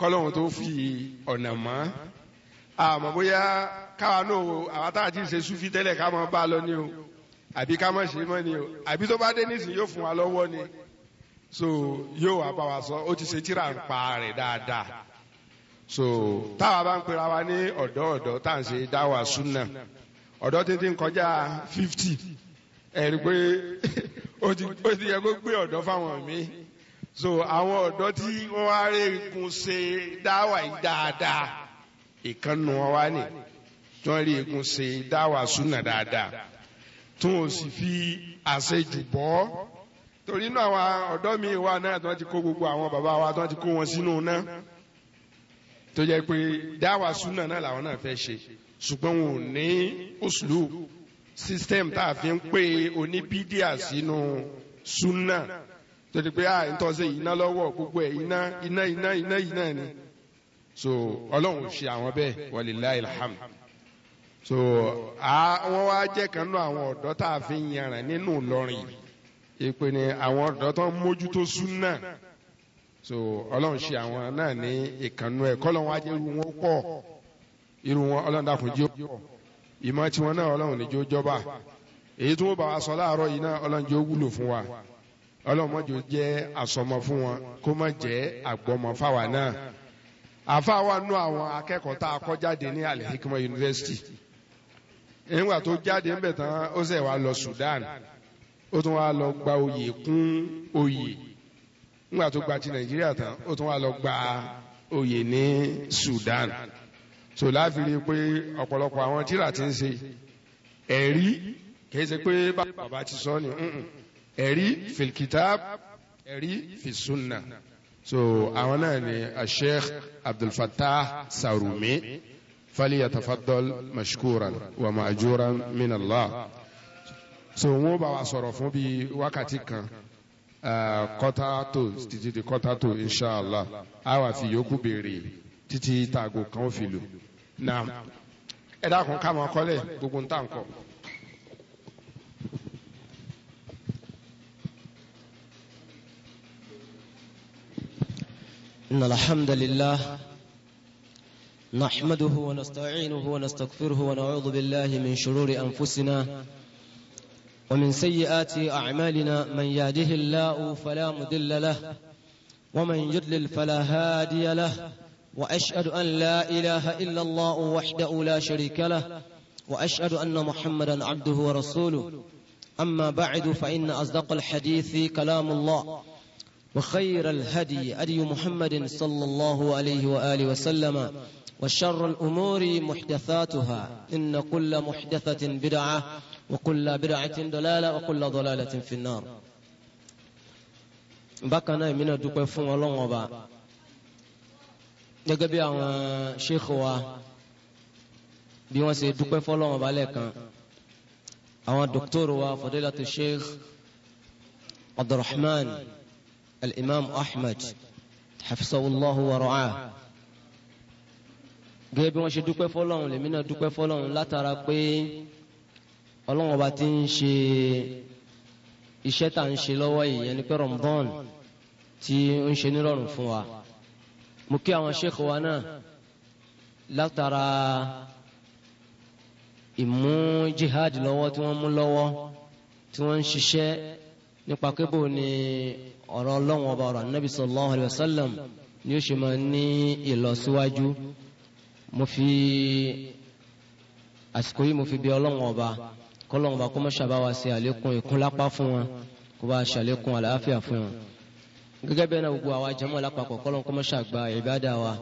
kọ́lọ́hún tó fi ọ̀nà mọ́ àmọ́ bóyá káwa náà wo àwọn tá a ti ṣe súfì tẹ́lẹ̀ ká mọ́ bá a lọ ní o àbí ká mọ́ ṣe mọ́ ní o àbí tó bá dé nísìnyí yóò fún wa lọ́wọ́ ni so yóò wá bá wa sọ ó ti ṣe tíra ń pa rẹ̀ dáadáa so táwa bá ń pera wa ní ọ̀dọ́ ọ̀dọ́ tá à ń ṣe dáwà súnà ọ̀dọ́ títí ń kọjá fifty ẹ̀rí pé ó ti yẹ kó gbé ọ̀dọ́ fáwọn mi so àwọn ọ̀dọ́ tí wọ́n wá rí egun ṣe dáwà yìí dáadáa ìkànnù wọn wá ní tí wọ́n rí egun ṣe dáwà súnà dáadáa tí wọ́n sì fi àṣejù bọ́ torí náà àwọn ọ̀dọ́ mi wà náà tí wọ́n ti kó gbogbo àwọn bàbá wa tí wọ́n ti kó wọn sínú náà tó jẹ́ pé dáwà súnà náà làwọn náà fẹ́ ṣe ṣùgbọ́n wọn ò ní òṣùlù system tá a fi ń pè oníbídíà sínú súnà torí pé ah ntọ́ ṣe iná lọ́wọ́ gbogbo ẹ̀ iná iná iná iná iná ni so ọlọ́run ò ṣe àwọn bẹ́ẹ̀ walilayi alhamd so àwọn wa jẹ́ kan nú àwọn ọ̀dọ́ tá a fi yanràn nínú Ìlọrin ìpè ní àwọn ọ̀dọ́ tó ń mójútó súnà so ọlọ́run ṣe àwọn náà ní ìkànnú ẹ̀ kọ́lọ́run á jẹ́ irú wọn pọ̀ irú wọn ọlọ́run dàkún jí ó pọ̀ ìmọ̀ tiwọn náà ọlọ́run níjó jọba èyí tó bá wa sọ láàárọ̀ yìí náà ọlọ́run jẹ́ ó wúlò fún wa ọlọ́mọdé jẹ́ àsọmọ fún wọn kó má jẹ́ àgbọmọ fáwa náà àfáwa nú àwọn akẹ́kọ̀ọ́ tá a kọ́ jáde ní Al-Hikma University nígbà tó jáde ń bẹ̀ tán ó ṣe wá lọ Sudan ó tún wá lọ gba oyè kún oyè nígbà tó gba ti Nàìjíríà tán ó tún wá lọ gba oyè ní Sudan so láfi rí i pé ọ̀pọ̀lọpọ̀ àwọn tíra ti ń ṣe ẹ̀rí kì í ṣe pé bàbá ti sọ ni ẹ̀rí fìlkìtàb ẹ̀rí fìsúnà so àwọn náà ni asheikh abdulfatah sarumi faliyatafadol mashkuran wa ma'ajuran minallah so wọn bá wa sọ̀rọ̀ fún bíi wákàtí kan kọ́tà uh, tó títí di kọ́tà tó inshàlá a wà fi yòókù béèrè títí taago kan ó fi lò náà ẹ dákun ká máa kọ́lẹ̀ gbogbo ń إن الحمد لله نحمده ونستعينه ونستغفره ونعوذ بالله من شرور أنفسنا ومن سيئات أعمالنا من يهده الله فلا مضل له ومن يضلل فلا هادي له وأشهد أن لا إله إلا الله وحده لا شريك له وأشهد أن محمدا عبده ورسوله أما بعد فإن أصدق الحديث كلام الله وخير الهدي هدي محمد صلى الله عليه واله وسلم وشر الامور محدثاتها ان كل محدثه بدعه وكل بدعه ضلاله وكل ضلاله في النار بكنا من دوكو فون الله وبا دغبي شيخ وا بي وان سي دوكو فون الله وبا لكان اوا دكتور وا فضيله الشيخ عبد الرحمن الإمام أحمد حفظه الله ورعاه gẹ́gẹ́ bí wọ́n ṣe dúpẹ́ fọlọ́run lèmi náà dúpẹ́ fọlọ́run látara pé ọlọ́run ọba ti ń ṣe iṣẹ́ tá à ń ṣe lọ́wọ́ yìí yẹn ni pé Ramadan tí ó ń ṣe nírọ̀rùn fún wa mo kí àwọn ṣèkọ wa náà látara ìmú jihad lọ́wọ́ tí wọ́n mú lọ́wọ́ tí wọ́n ń ṣiṣẹ́ nípa pé bó ni ọ̀rọ̀ ọlọ́run ọba ọ̀rọ̀ anábì sallallahu alayhi wa sallam ni ó ṣe máa ní ìlọsíwájú mo fi àsìkò yìí mo fi bí ọlọ́run ọba kọ́lọ́run ọba kó má ṣàbá wa ṣe àlékún ìkúnlápá fún wọn kó bá ṣàlékún àlàáfíà fún wọn. gẹ́gẹ́ bẹ́ẹ̀ náà gbogbo àwa jẹ́mọ́ lápapọ̀ kọ́lọ́run kó má ṣàgbà ìbádà wa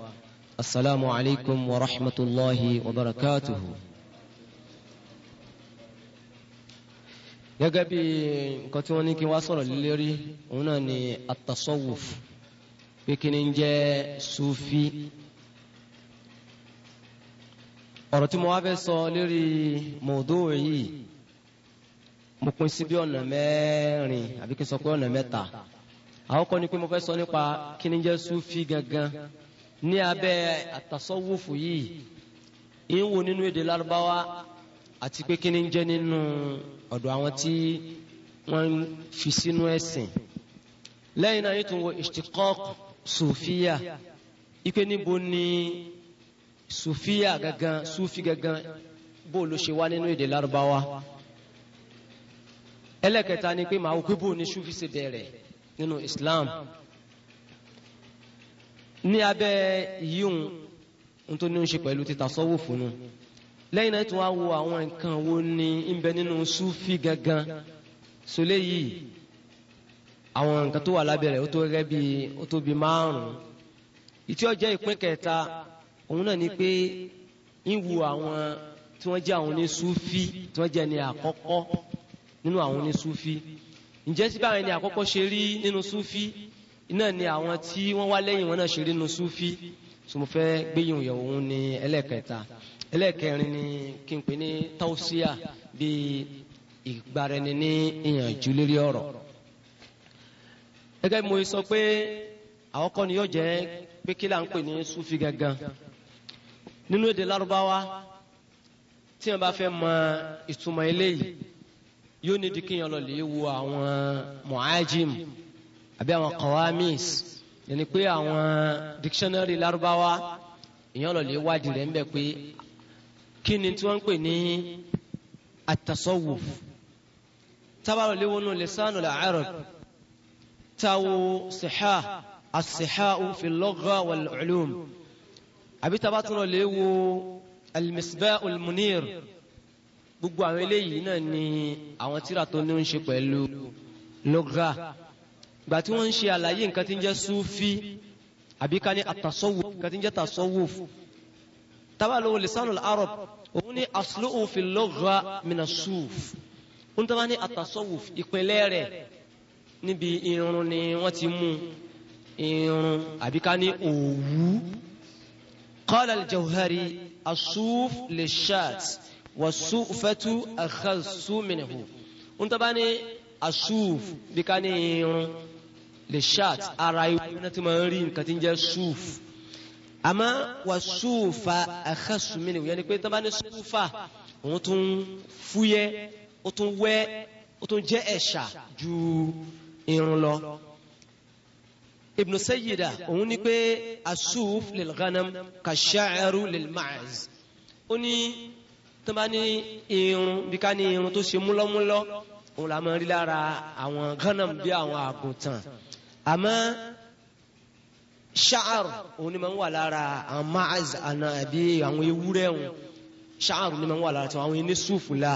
asalaamualeykum wa rahmatulahi wa barakatuhu. gẹ́gẹ́ bí nǹkan tí wọ́n ní kí wá sọ̀rọ̀ lérí òun náà ni atasọ́wùf pé kí ni ń jẹ́ sufi. ọ̀rọ̀ tí mo wá fẹ́ sọ lérí mọ̀ọ́dọ́ yìí mo sí bí ọ̀nà mẹ́rin àbí kí n sọ pé ọ̀nà mẹ́ta àkọ́kọ́ ni pé mo fẹ́ ọ̀dọ̀ àwọn tí wọ́n ń fi sínú ẹ̀sìn lẹ́yìn náà yóò tún wo ishtiqaq sufiya ipe níbo ni sufiya gangan sufi gangan bó ló ṣe wá nínú èdè lárúbáwá ẹlẹ́kẹta ni pé màá wípé bó ni sufi ṣe bẹ̀rẹ̀ nínú islam ní abẹ́ yíyún nítorí ó ń ṣe pẹ̀lú títa sọ́wọ́ fún un lẹ́yìn náà tí wàá wo àwọn nǹkan wo ni ń bẹ nínú sufi gangan sọlẹ̀ yìí àwọn nǹkan tó wà lábẹ́ rẹ̀ ó tó gẹ́gẹ́ bí ó tó bí márùn-ún ìtí ọjọ́ ìpín kẹta òun náà ni pé ń wo àwọn tí wọ́n jẹ́ àwọn ní sufi tí wọ́n jẹ́ ní àkọ́kọ́ nínú àwọn ní sufi ǹjẹ́ síbí àwọn ẹni àkọ́kọ́ ṣe rí nínú sufi iná ni àwọn tí wọ́n wá lẹ́yìn wọn náà ṣe rí nínú sufi sọ mo fẹ́ gbéyìí òun ni ẹlẹ́kẹta ẹlẹ́ẹ̀kẹrin ni kí n pè ní tausia bíi ìgbaraẹni ní ìyànjú lérí ọ̀rọ̀ gẹ́gẹ́ bí mo sọ pé àkọ́kọ́ ni yóò jẹ́ pé kí là ń pè ní sufi gangan nínú èdè Lárúbáwá tí wọn bá fẹ́ mọ ìtumọ̀ eléyìí yóò ní dikiyan lọ lè wo àwọn muajim àbí àwọn kawamis yẹni pé àwọn dictionary larubawa? ìyẹn lọ lè wádìí rẹ̀ ń bẹ pé kí ni tí wọ́n ń pè ní at-tasawwuf tábàrò léwọ́ nù lisanul arab táwo sihah as-sihah fi al-lugha wal-ulum àbí tabatúrọ̀ léwọ́ al-misbah al-munir gbogbo àwọn eléyìí náà ni àwọn tíra tó ní ń ṣe pẹ̀lú lugha gbà tí wọ́n ń ṣe àlàyé nǹkan tí ń jẹ́ sufi àbí ká ní at nǹkan tí ń jẹ́ tasawwuf tábàlù lisanul arab òun ní asluhu fil lugha mina suf òun tábà ní atasawuf ìpínlẹ̀ rẹ̀ níbi irun ni wọ́n ti mú irun àbí ká ní òwú qala al-jawhari asuf lishat wasufatu akhassu minhu òun tábà ní asuf bí ká ní irun lishat ara ìwé náà ti máa ń rí nǹkan tí suf. Ama wà súùfà àkàsùmínì yẹn ni pé tó bá ní súùfà òun tún fúyẹ́ ó tún wẹ́ ó tún jẹ́ ẹ̀ṣà ju irun lọ. Ibn Sayyida òun ni pé asúf lil ghanam kàṣáàrú lil ma'az ó ní tó bá irun bí ká ní irun tó ṣe múlọ́múlọ́ òun là máa ń rí lára àwọn ghanam bí àwọn àgùntàn àmọ́ ṣáàrù òun ni máa ń wà lára àwọn máàz àna àbí àwọn ewúrẹ́ wọn ṣáàrù ni máa ń wà lára tí àwọn ẹni sùfù la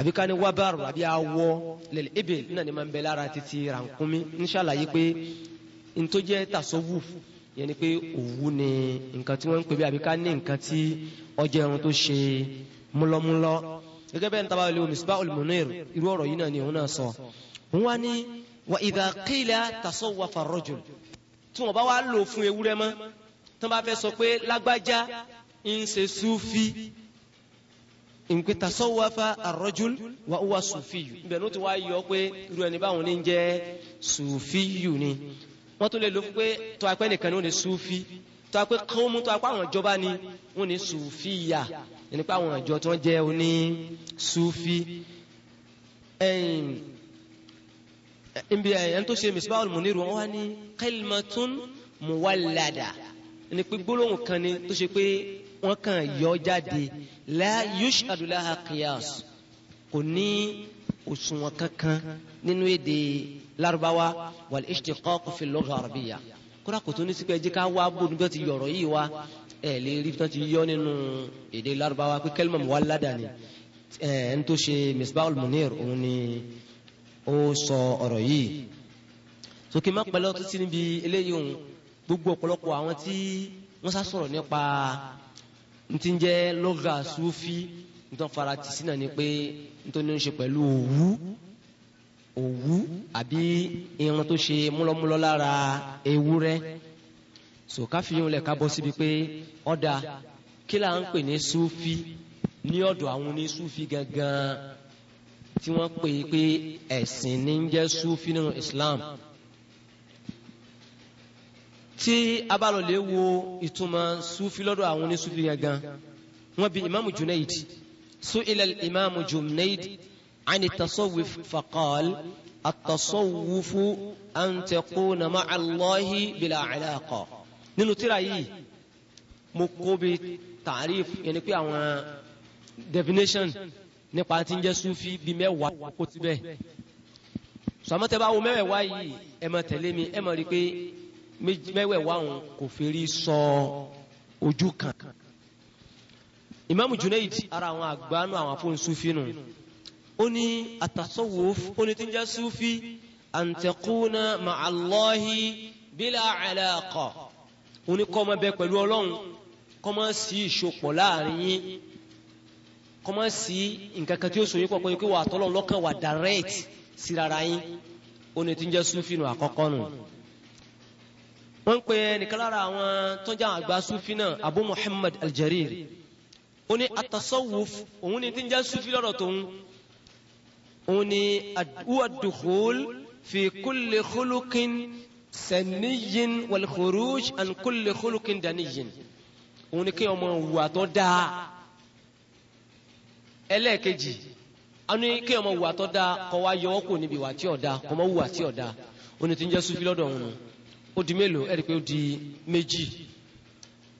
àbí ká ní wábàrù àbí awọ lẹ́lẹ̀ ebè náà ni máa ń bẹ lára títí rànkúnmí inshallah yìí pé ntọ́jẹ́ tasọ́wù yẹn ni pé òwú ni nǹkan tí wọ́n ń pè bí àbí ká ní nǹkan tí ọjọ́ irun tó ṣe múlọ́múlọ́ gẹ́gẹ́ bẹ́ẹ̀ níta bá wọlé Misbahul irú ọ̀rọ̀ yìí náà ni òun náà sọ. wọ́n wá ní wa idha qila tasawwafa ar-rajul tí wọ́n bá wá lò fún ewúrẹ́ mọ́ tí wọ́n bá fẹ́ sọ pé lágbájá ń ṣe sufi nǹkan tasọ́wọ́fà ar-rajul wa huwa sufiyu ibẹ̀ ní ó ti wá yọ pé irú ẹni báwọn ní jẹ́ sufiyu ni wọ́n tún lè lò fún pé tó apẹ́ nìkan ni ó ní sufi tó apẹ́ kọ́mú tó apẹ́ àwọn ìjọba ni wọ́n ní sufiya ẹni pé àwọn ìjọ tó ń jẹ́ oní sufi. Ẹ̀yìn níbi ẹ̀yẹn tó ṣe misbah al-munir wọn wá ní kalimatun muwallada ní pé gbólóhùn kan ni tó ṣe pé wọ́n kàn yọ jáde la yushhadu laha qiyas kò ní òṣùwọ̀n kankan nínú èdè Lárúbáwá wal ishtiqaq fi al-lugha al-arabiyya kódà kò tó ní sípẹ́ jẹ́ ká wá bó níbi tó ti yọ̀rọ̀ yìí wá ẹ̀ lè rí bí wọ́n ti yọ nínú èdè Lárúbáwá pé kalima muwallada ni ẹ̀ ń tó ṣe misbah al-munir òun ni ó sọ ọ̀rọ̀ yìí sókè má pẹ̀lú ọtí sí níbi eléyìí òun gbogbo ọ̀pọ̀lọpọ̀ àwọn tí wọ́n sá sọ̀rọ̀ nípa ntí ń jẹ́ lọ́gà sufi nítorí fara tì sí náà ni pé nítorí ó ń ṣe pẹ̀lú òwú òwú àbí irun tó ṣe múlọ́múlọ́ lára ewúrẹ́ so káfíyìn lẹ̀ ká bọ́ síbi pé ọ̀dà kí là ń pè ní sufi ní ọ̀dọ̀ àwọn onísufi gangan tí wọ́n pè é pé ẹ̀sìn ní ń jẹ́ sufi nínú Islam tí a bá lọ lè wo ìtumọ̀ sufi lọ́dọ̀ àwọn onísufi yẹn gan wọ́n bi imaamu Junaid su'ila imaamu Junaid ani tasawuf faqal atasawufu an takuna ma'a bila alaqa nínú tírà yìí mo kó bi taarif yẹn ni pé àwọn definition. definition nípa tí ń jẹ́ sufi bíi mẹ́wàá kó ti bẹ́ẹ̀ sọmọtẹ́ bá wo mẹ́wẹ̀ẹ́wá yìí ẹ máa tẹ̀lé mi ẹ máa rí i pé mẹ́wẹ̀ẹ́wá òun kò fèrè sọ ojú kan Imam Junaid ara àwọn àgbánu àwọn afọ sufi nù ó ní at ó ní tí ń jẹ́ sufi an takuna bila alaqa ó ní kọ́ ọmọ bẹ pẹ̀lú ọlọ́run kọ́ ọmọ sí ìṣopọ̀ láàrin yín kọ́mọ́ sí nǹkan kan tí ó sòye pọ̀ pé kí wà á tọ́lọ̀ lọ́kàn wà direct sí rárá yín ó ní ti ń jẹ́ sufi nù àkọ́kọ́ nù. wọ́n ń pè é nìkan lára àwọn tó ń jẹ́ àgbà sufi náà abu muhammad aljariri ó ní atasawuf òun ní ti ń jẹ́ sufi lọ́dọ̀ tóun òun ní adukhul fi kulli khuluqin saniyin wal khuruj an kulli daniyin òun ní kí ọmọ wùwà tó dáa ẹlẹ́ẹ̀kejì anu kí ọmọ wùwà tó da kọ wá yọ ọkọ níbi wà tí ò da kọ mọ wùwà tí ò da oní ti ń jẹ́ sufi lọ́dọ̀ òun ó di mélòó ẹ̀rí pé ó di méjì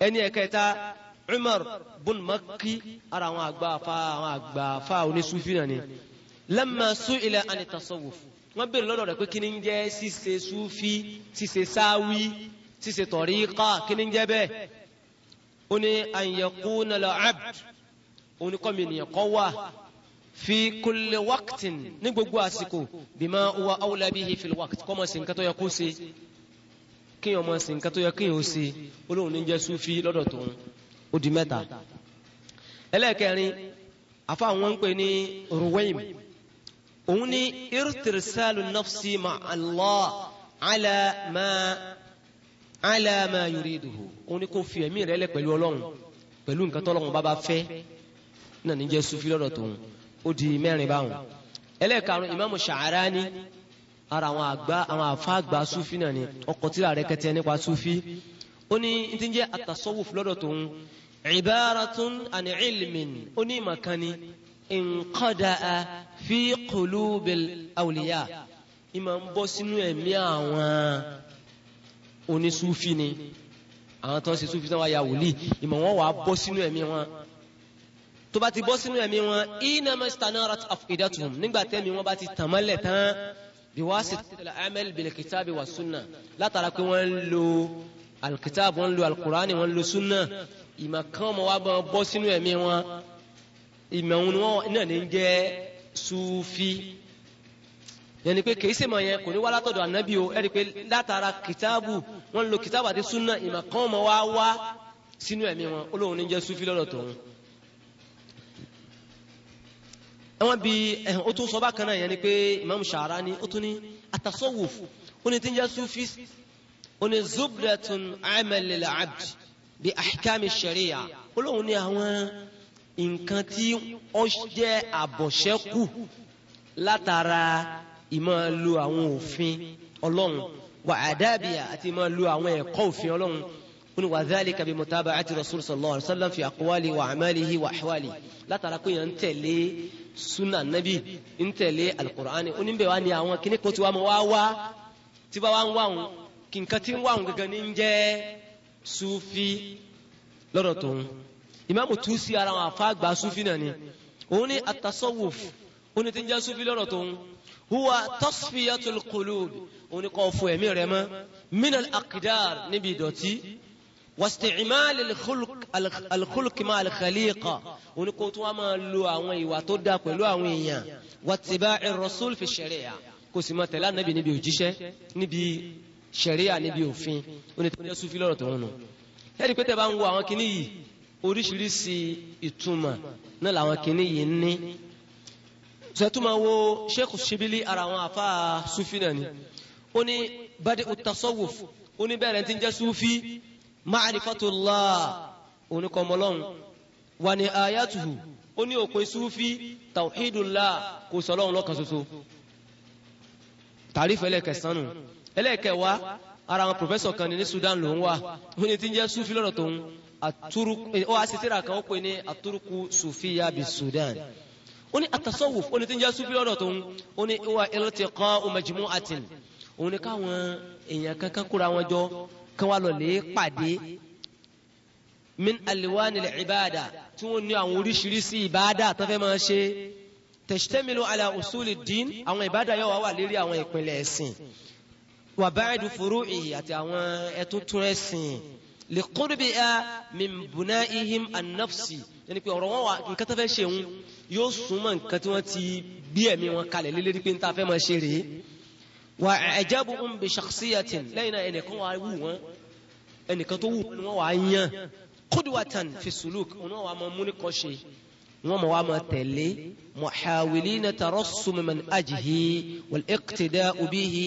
ẹni ẹ̀kẹta Umar bun Makki ara àwọn àgbà afa àwọn àgbà afa oní sufi náà ni lamma su'ila ani tasawuf wọ́n béèrè lọ́dọ̀ rẹ̀ pé kí ni ń jẹ́ ṣíṣe sufi ṣíṣe sáwí ṣíṣe tọ̀ríkà kí ni ń jẹ́ bẹ́ẹ̀ ó ní an abd òun ni kọ́ mi nìyẹn kọ́ wà fi kulli waqtin ní gbogbo àsìkò bima huwa awla bihi fil waqt kọ́ mọ̀ sí nǹkan tó yẹ kó ṣe kéèyàn mọ̀ sí nǹkan tó yẹ kéèyàn ó ṣe olóhùn ní jẹ́ sufi lọ́dọ̀ tó ń ó di mẹ́ta. ẹlẹ́ẹ̀kẹrin afa àwọn ń pè ní ruwaim òun ní irtirsalu nafsi ma Allah ala ma ala ma yuriduhu òun ní kò fi ẹ̀mí rẹ̀ lẹ̀ pẹ̀lú ọlọ́run pẹ̀lú nǹkan tọ́lọ́run bá bá fẹ́ náà ní jẹ́ sufi lọ́dọ̀ tòun ó di mẹ́rin báwọn ẹlẹ́ẹ̀karùn ìmáàmù Sha'arani ara àwọn àgbà àwọn àfa àgbà sufi náà ni ọkọ̀ tí ra rẹ̀ kẹtẹ nípa sufi ó ní ti ń jẹ́ àtasọ́wò lọ́dọ̀ ibaratun an ilmin ó ní ìmọ̀kánni nqadaa fi qulubil awliya ìmọ̀ ń bọ́ sínú ẹ̀mí àwọn onísúfi ni àwọn tó ń ṣe súfi tó wá wòlíì ìmọ̀ wọn wà á bọ́ sínú ẹ̀mí wọn tó bá ti bọ́ sínú ẹ̀mí wọn iná mastanarat afidatuhum nígbà tẹ́mi wọn bá ti tàn mọ́lẹ̀ tán biwasitatil amal bilkitabi wa sunna látara pé wọ́n ń lo alkitab wọ́n ń lo alkurani wọ́n ń lo sunna ìmọ̀ kan mọ̀ wá bọ́ sínú ẹ̀mí wọn ìmọ̀ wọn náà ní jẹ́ sufi yẹni pé kìí sèmọ yẹn kò ní wá látọ̀dọ̀ ànábì o ẹ̀rí pé látara kìtàbù wọn lo kìtàbù àti súnà ìmọ̀ kan mọ̀ wá wá sínú ẹ̀mí wọn olóhùn ní jẹ́ sufi lọ́dọ̀ tòun ẹ̀wọ́n bí ẹ̀hún eh, ó tún sọ bákan náà yẹn ni pé Imam Sharani ó tún ní at-tasawwuf ó ní tí ń jẹ́ sufi ó ní zubratun amal lil-abd bi ahkam ash-sharia ó lóun ní àwọn nǹkan tí ó jẹ́ àbọ̀ṣẹ́kù látara ìmọ̀ lu àwọn òfin ọlọ́run wà àdábìyà àti ìmọ̀ lu àwọn ẹ̀kọ́ òfin ọlọ́run ó ní wa dhalika bi mutaba'ati rasul sallallahu alaihi wasallam fi aqwali wa amalihi wa látara pé yẹn ń tẹ̀lé sunna nabi ń tẹ̀lé alukur'ani ó ní bẹ́ẹ̀ wá ní àwọn kíní kó tí wàá mọ wá wá tí bá wá ń wá wọn kí nǹkan tí ń wá wọn sufi lọ́dọ̀ tó ń ìmáàmù tú sí ara wọn àfa àgbà sufi náà ni atasawuf ó ní ti ń jẹ́ sufi lọ́dọ̀ tó ń huwa tasfiyatul qulub òun ní kò fọ ẹ̀mí rẹ̀ mọ́ minal akidar níbi ìdọ̀tí. واستعمال الخلق الخلق مع الخليقة ونكوتو ما لو أوان واتودا كلو أوان واتباع الرسول في الشريعة كوسما لا نبي نبي وجيشة نبي شريعة نبي وفين ونتمنى سوفي لا تونو هذي كتب عن وان كني oríṣiríṣi ìtumọ̀ náà làwọn kìíní yìí ní sẹ́tùmọ̀ wo sheikh shibili ara àwọn afa sufi náà ni ó ní badi ma'rifatullah oníkọmọlọ́n wà ní ayatuhu oni ní òpin sufi tawhidullah kò sọlọ́run lọ́kan ṣoṣo tàrífù ẹlẹ́kẹsánù ẹlẹ́kẹwàá ara àwọn pòfẹ́sọ̀ kan ní ní Sudan ló ń eh, wà ó ní tí ń jẹ́ sufi lọ́dọ̀ tó ń aturuku ó wá sí tíra kan ó pè ní aturuku sufiya bi Sudan oni ní atasọ́wò ó ń jẹ́ sufi lọ́dọ̀ tó ń ó ní ìwà iltiqa'u majmu'atin òun ni káwọn èèyàn kankan kóra wọn jọ kí wọ́n lọ lè pàdé min aliwanil ibada tí wọ́n ní àwọn oríṣiríṣi ibada tó fẹ́ máa ṣe tẹ̀sítẹ́mìlú ala usuli din àwọn ibada yóò wá wà lérí àwọn ìpìlẹ̀ ẹ̀sìn wà báyìí furu ìyí àti àwọn ẹ̀túntún ẹ̀sìn lè kúrò bí a min bùnà ihim anafsi yẹni pé ọ̀rọ̀ wọn wà nǹkan tó fẹ́ ṣe ń yóò súnmọ́ nǹkan tí wọ́n ti gbé ẹ̀mí wọn kalẹ̀ lélẹ́rí pé ń ta fẹ́ máa ṣe rèé wà ẹ̀jẹ̀bù ń bi ṣàkṣíyàtìn lẹ́yìn náà ẹnìkan wà wù wọ́n ẹnìkan tó wù wọ́n wà á yàn kódùwàtàn fi sùlùk wọn wà máa múni kọ́ ṣe wọn mọ̀ wà máa tẹ̀lé muhawilina tarassum man ajhi wal iqtida'u bihi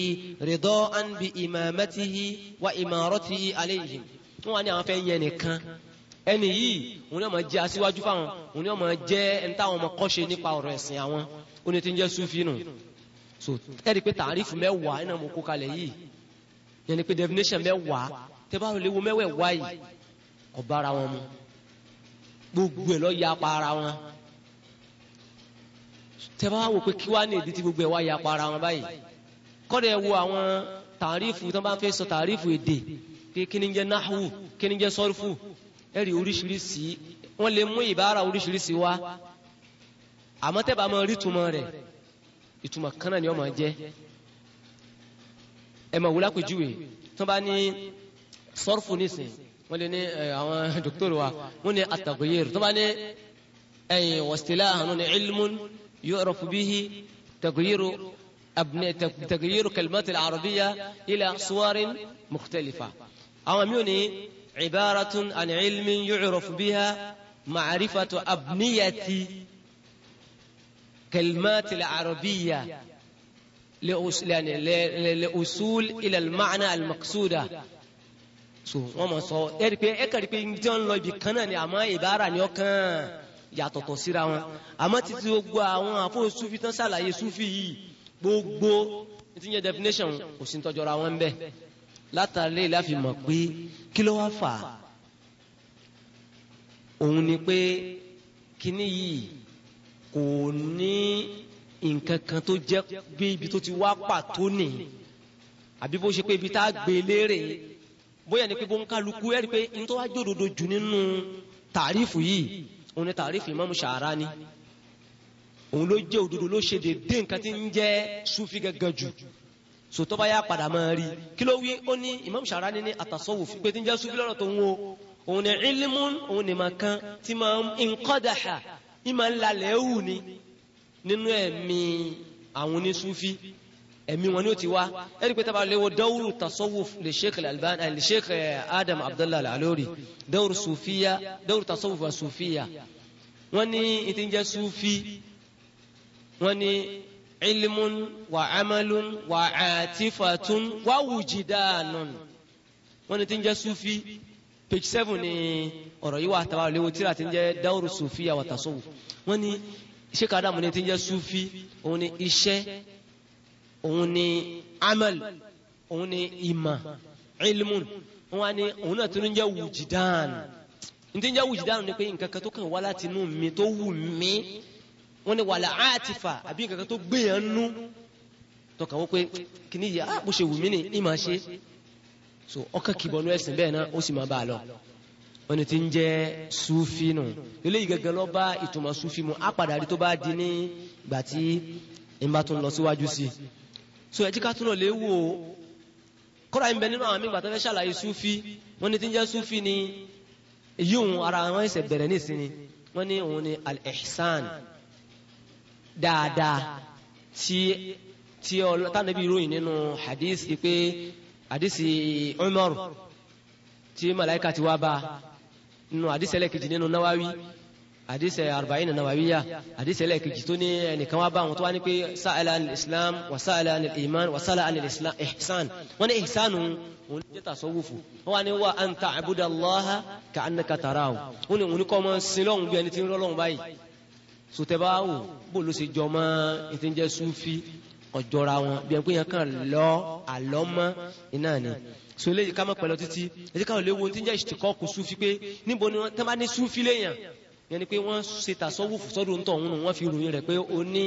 rida'an bi imamatihi wa imaratihi alayhim wọn wà ní àwọn fẹ́ yẹn nìkan ẹni yìí òun náà máa jẹ aṣíwájú fáwọn òun náà máa jẹ ẹni ọmọ kọ́ nípa ọ̀rọ̀ ẹ̀sìn àwọn so ẹ̀rí pé tàrífù mẹ́wàá iná mo kó kalẹ̀ yìí yẹn ni pé definition mẹ́wàá tẹ́ bá lè wo mẹ́wẹ̀ẹ́wá yìí kò bára wọn mu gbogbo ẹ̀ lọ ya pa ara wọn tẹ́ bá wò pé kí wá ní ìdí tí gbogbo ẹ̀ wá ya pa ara wọn báyìí kọ́dọ̀ ẹ̀ wo àwọn tàrífù tó bá fẹ́ sọ tàrífù èdè pé kí ni jẹ́ náhù kí ni jẹ́ sọ́rífù ẹ̀rí oríṣiríṣi wọ́n lè mú ìbára oríṣiríṣi wá àmọ́ tẹ́ ìtumọ̀ kánà ni ọmọ jẹ́ ẹ mọ̀ wúlá pèjúwe tó bá ní sọ́rfù nísìn wọ́n lè ní àwọn dókítọ̀rù wa wọ́n ní àtàkùyèrè tó bá ní ẹ̀yìn wọ́sítẹ́lá àwọn ní ilmun yu'rafu bihi tàkùyèrè abnẹ tàkùyèrè kalimati al-arabiyya ila suwarin mukhtalifa àwọn mi ò ní ibaratun an ilmin yu'rafu biha ma'rifatu abniyati. كلمات العربية يعني لأصول إلى المعنى المقصودة so wọn ma sọ ẹri pé ẹ kàrí pé ibi tí wọn lọ ibi kan náà ni àmọ́ ìbára ni ọkàn yàtọ̀tọ̀ síra wọn àmọ́ títí gbogbo àwọn àfọ sufi tán ṣàlàyé sufi yìí gbogbo ti yẹ definition kò sí tọjọra wọn bẹ látàrí láfi mọ̀ pé kí ló wá fà òun ni pé kíní yìí kò ní nǹkan kan tó jẹ́ bí ibi tó ti wá pàtó nì àbí bó ṣe pé ibi tá a gbé léèrè bóyá ni pé bó ń kálukú ẹ̀rí pé n tó wá jòdòdò jù nínú tàrífù yìí òun ni tàrífù Imamu Sha'rani òun ló jẹ́ òdodo ló ṣe dédé nǹkan tí ń jẹ́ sufi gangan jù sòtọ́ba yà padà máa rí kí ló wí ó ní Imam Sharani ní at-tasawuf pé tí ń jẹ́ sufi lọ́rọ̀ tó ń wo òun ní ilmun òun ní makan tí máa ń kọ́dàhà ìmọ̀ ńlalẹ̀ wù ni nínú ẹ̀mí àwọn onísúfí ẹ̀mí wọn ni ó ti wá ẹ̀rí pé tábà léwo dawru tasawuf lè sheikh al-Albani eh, lè sheikh eh, adam abdullah al-Alori dawru sufiya dawru tasawuf wa sufiya wọn ní ìtí ń jẹ́ sufi wọn ní ilmun wa amalun wa atifatun wa wujidanun wọn ní ìtí ń jẹ́ sufi page seven ni ọ̀rọ̀ yìí wà tàbá léwu tíra ti ń jẹ́ dáwùrù sufiya wa wọ́n ní sheikh adamu ni ti ń jẹ́ sufi òun ni iṣẹ́ òun ni amal òun ni ìmà ilmun wọ́n wá ní òun náà tó ń jẹ́ wujidan n ti ń jẹ́ wujidan ni pé nǹkan kan tó kàn wá láti inú mi tó wù mí wọ́n ní wàlà àtìfà àbí nǹkan kan tó gbé yẹn nú wọ́n pé kìnnìyà ah, bó ṣe wù mí ni ìmà ṣe so ọkàn kìbọnú ẹ̀sìn bẹ́ẹ̀ náà ó sì máa bá a lọ wọn ti ń jẹ sufi nù eléyìí gẹ́gẹ́ lọ bá ìtumọ̀ sufi mu apàdà rí tó bá di ní ìgbà tí n bá tún lọ síwájú sí i so ẹ jí ká tún lọ lè wò ó kọ́ra ń bẹ nínú àwọn amígbà tó fẹ́ ṣàlàyé sufi wọn ti ń jẹ sufi ni yíyún ara wọn ẹsẹ̀ bẹ̀rẹ̀ ní ìsinmi wọn ní òun ni al-ihsan dáadáa tí tí ọlọ́tàn níbi ìròyìn nínú hadith pé àdìsí Umar tí malayika ti wá bá nínú àdìsí ẹlẹ́kejì nínú Nawawi àdìsí arba'in nawawiya àdìsí ẹlẹ́kejì tó ní ẹnìkan wá bá àwọn tó wá ní pé sa'ala an islam wa sa'ala an iman wa sa'ala an islam ihsan wọn ní ihsanu wọn ní jẹta sọwọfù wọn wá ní wa an ta'buda Allaha ka'annaka tarahu wọn ní wọn ní kọ́ ọmọ sílọ̀hún bí ẹni tí ń báyìí sotẹ́báwò bó ló ṣe jọ mọ́ ọjọra wọn bí ẹgbẹ́ yẹn kàn lọ àlọ́ mọ́ iná ni so eléyìí ká mọ̀ pẹ̀lú títí èyí káwọn léwu tí ń jẹ́ ìṣèkọ́ kù súfi pé níbo ni wọ́n tẹ́ bá ní súfi léyàn yẹn ni pé wọ́n ṣe tàṣọ́wùfù sọ́dún tó ń nù wọ́n fi ròyìn rẹ̀ pé ó ní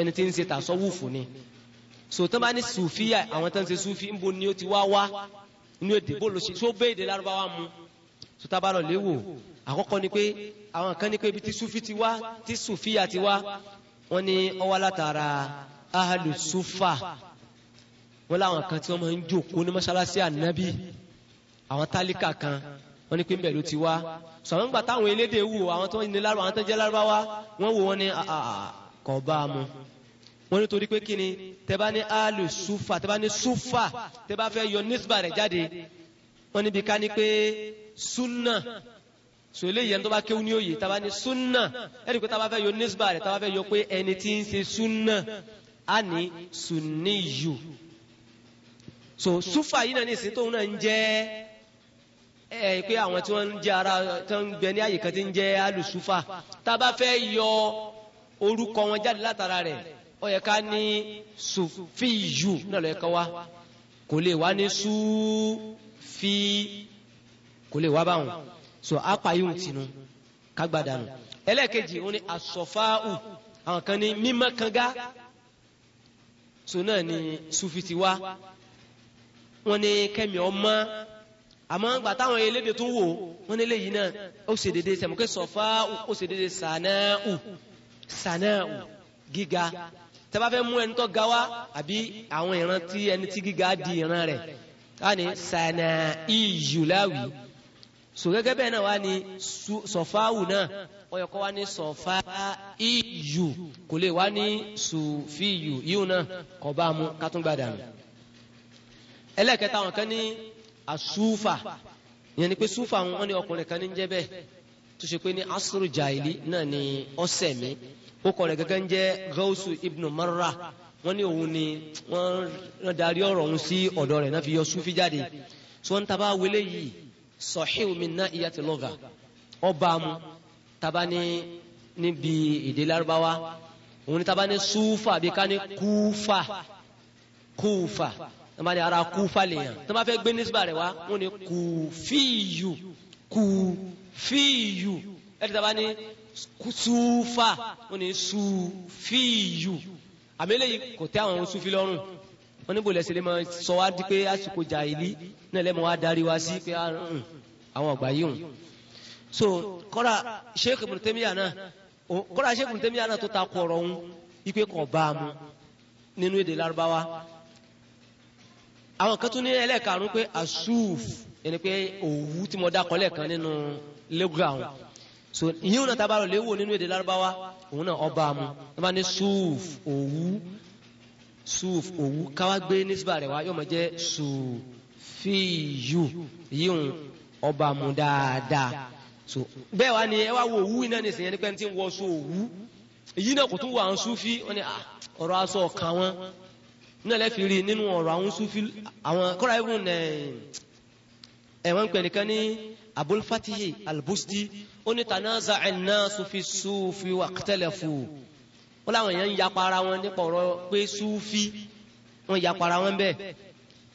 ẹni tí ń ṣe tàṣọ́wùfù ni so tẹ́ bá ní súfíà àwọn tẹ́ ń ṣe súfi níbo ni ó ti wá wá inú èdè bó ló ṣe tó bẹ́ẹ̀ èdè lárúbáwá mu so tá a bá lọ léwu àkọ́kọ́ ni pé àwọn kan ní pé ibi tí súfi ti wá tí súfíà ti wá wọ́n ní ó látara ahlu sufa wọ́n láwọn kan tí wọ́n máa ń jòkó ní mọ́ṣáláṣí ànábì àwọn tálíkà kan wọ́n ní pé ń bẹ̀ ló ti wá sọ̀rọ̀ ńgbà táwọn elédè wò àwọn tó ń ní lárúbáwá àwọn tó ń jẹ́ lárúbáwá wọ́n wò wọ́n ní ah, ah, ah, kò bá a mu wọ́n ní pé kí ni tẹ́ ní ahlu sufa tẹ́ ní sufa tẹ́ fẹ́ yọ nisba rẹ̀ jáde wọ́n níbi ká ní pé sunna so eléyìí ẹni tó bá kéwú ní òye tá ní sunna ẹni pé tá a bá fẹ́ sunna ani ní sùnìyù so sufa yìí náà ní ìsìn tóun náà ń jẹ́ ẹ pé àwọn tí wọ́n ń jẹ́ ara tó ń gbẹ ní àyè kan ti ń jẹ́ alùsùfà tá a bá fẹ́ yọ orúkọ wọn jáde látara rẹ̀ ó yẹ ká ní sùfìyù náà lọ́ọ́ yẹ ká kò lè wá ní sùfì kò lè wá báwọn so apayéhùn tìǹú kágbádànù ẹlẹ́ẹ̀kejì òun ni asọ̀fáù àwọn kan ní mímọ́ kanga so ni sufi ti wá wọn ní kẹmi ọmọ àmọ́ gbà táwọn elédè tó wò wọn ní eléyìí náà ó ṣe déédéé sẹmọkẹ sọfà ó ṣe déédéé sànáù sànáù gíga tẹ́bá fẹ́ mú ẹni tó ga àbí àwọn ìran ẹni tí gíga di ìran rẹ̀ káà ní sànáì yùláwì so gẹ́gẹ́ bẹ́ẹ̀ náà wá ní sọ̀fáwù náà ọyọ̀ kọ́ wá ní sọ̀fá iyù kò lè wá ní sùfíyù yíò náà kọ́ bá mú kátúngbà dànù. ẹlẹ́kẹta àwọn kan ní asúfà ìyẹn ni pé súfà wọn ní ọkùnrin kan ní ń jẹ́ bẹ́ẹ̀ tó ṣe pé ní asúrù jàìlì náà ní ọ̀sẹ̀ mi ó kọ̀ rẹ̀ gẹ́gẹ́ ń jẹ́ gausu ibnu marra wọ́n ní òun ni wọ́n darí ọ̀rọ̀ òun sí ọ̀dọ̀ rẹ̀ náà fi yọ súfì jáde tí wọ́n ń taba wele yìí sọ̀híù min nahiyati lugha ọba mu taba ni níbi èdè Lárúbáwá òun ni taba ni súfà bí ká ní kúfà kúfà tọ́ba ni ara kúfà lèèyàn tọ́ba fẹ́ gbé nísìbà rẹ̀ wá wọ́n ni kùfíìyù kùfíìyù ẹ̀rí tọ́ba ni súfà wọ́n ni súfíìyù àmì eléyìí kò tẹ́ àwọn súfì wọ́n níbo lẹ́sẹ̀ lè máa sọ wá di pé àsìkò jàìlì náà lẹ́mọ̀ wá darí wá sí pé ah, mm, àwọn ọ̀gbà yìí hùn. so kọ́ra sheikh ibn taymiya náà kọ́ra sheikh ibn taymiya náà tó ta kọ̀ọ̀rọ̀ ọ̀hún ipe kàn bá a mu nínú èdè lárúbáwá. àwọn kan tún ní ẹlẹ́ẹ̀karùn-ún pé asuf ẹni pé òwú tí mo dá kọ́lẹ̀ kan nínú lẹ́gùn so ìyẹn wọn náà tábàrọ̀ léwò nínú èdè lárúbáwá òun náà ọba mu wọn bá ní suf òwú suf òwú káwá gbé nísìbà rẹ̀ wá yóò máa jẹ́ sufiyu yíyún ọba mu dáadáa so bẹ́ẹ̀ wá ni ẹ wá wo òwú iná ní sèyàn nípa ẹni tí ń wọ so òwú èyí náà kò tún wọ àwọn sufi wọn ni ọ̀rọ̀ aṣọ ọ̀kan wọn náà lẹ́fi nínú ọ̀rọ̀ àwọn sufi àwọn kọ́ra ẹ̀rùn ẹ̀ ẹ̀wọ̀n pè nìkan ní abulfatihi albusti ó ní tanaza ẹ̀ náà sufi sufi waqtalafu wọn làwọn èèyàn ń yapa ara wọn nípa ọ̀rọ̀ pé sufi wọn yapa ara wọn bẹ́ẹ̀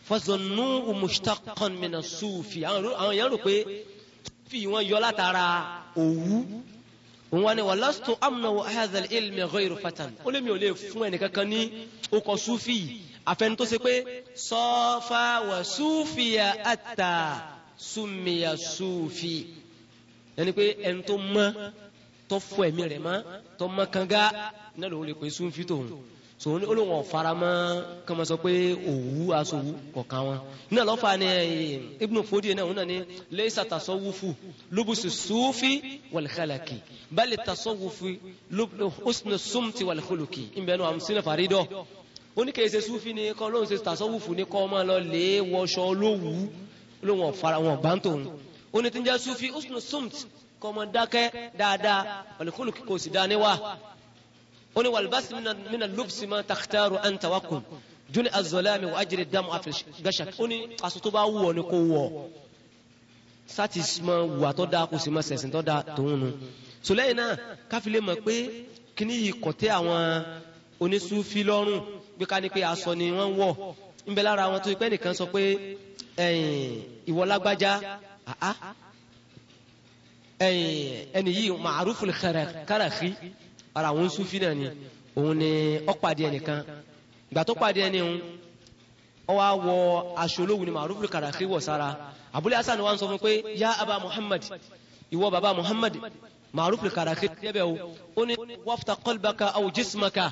fọsọnù mushtaqan mina sufi àwọn èèyàn rò pé sufi wọn yọ látara òwú òun wa ni walastu amnahu hadha al-ilmi ghayru fatan ó lé mi ò lè fún ẹnìkankan ní okọ sufi àfẹnutó ṣe pé sọfà wà sufiya àtà sumiya sufi yẹni pé ẹni tó mọ tó fọ ẹ̀mí rẹ̀ mọ́ tọmọkanga náà lòun lè pè sunfi tòun sòun ní olóhùn ọ̀farama kama sọ pé òwú aṣòwú kọ̀ọ̀kan wọn iná lọ́fà ni eh, Ibn Fodi náà wọn náà ni laysa tasawufu lubusu sufi wal khalaki bali tasawufu husnu sumti wal khuluki ìbẹ̀nu àwọn sinna faridọ oníkèése sufi ni kọ́ lóhùn ṣe tasawufu ni kọ́ máa lọ lè wọṣọ olówùú olóhùn ọ̀fara wọn bá ń onítìjà sufi husnu sumti kọ́mọ dákẹ́ dáadáa wàlúkúlù kò sì dáa níwá ó ní wàlúbásí mina lùbùsì máa takitaru antawakùn júlẹ̀ azọ́lámi wà á jẹ́rẹ̀ dáàmú àfẹ́ṣẹ́ ó ní aṣọ tó bá wù ọ́ ni kò wù ọ́ sátì máa wà tó dáa kò sì máa sẹ̀sìn tó dáa tó ń nu sùlẹ́yìn náà káfílẹ̀ mọ̀ pé kíní yìí kọ̀tẹ́ àwọn onísúfí lọ́rùn bí ká ní pé aṣọ ni wọ́n wọ̀ ń bẹ lára àwọn tó ẹni yìí ma'aruful karafi ara àwọn sufi náà ni òun ni ó pàdé ẹnìkan ìgbà tó pàdé ẹni òun ó wá wọ aṣọ olówùú ni ma'aruful karafi wọ̀ sára Abul Hasan wa ń pé yá abba Muhammad ìwọ baba Muhammad ma'aruful karafi tẹ́bẹ̀ o ó ní wafta qalbaka aw jismaka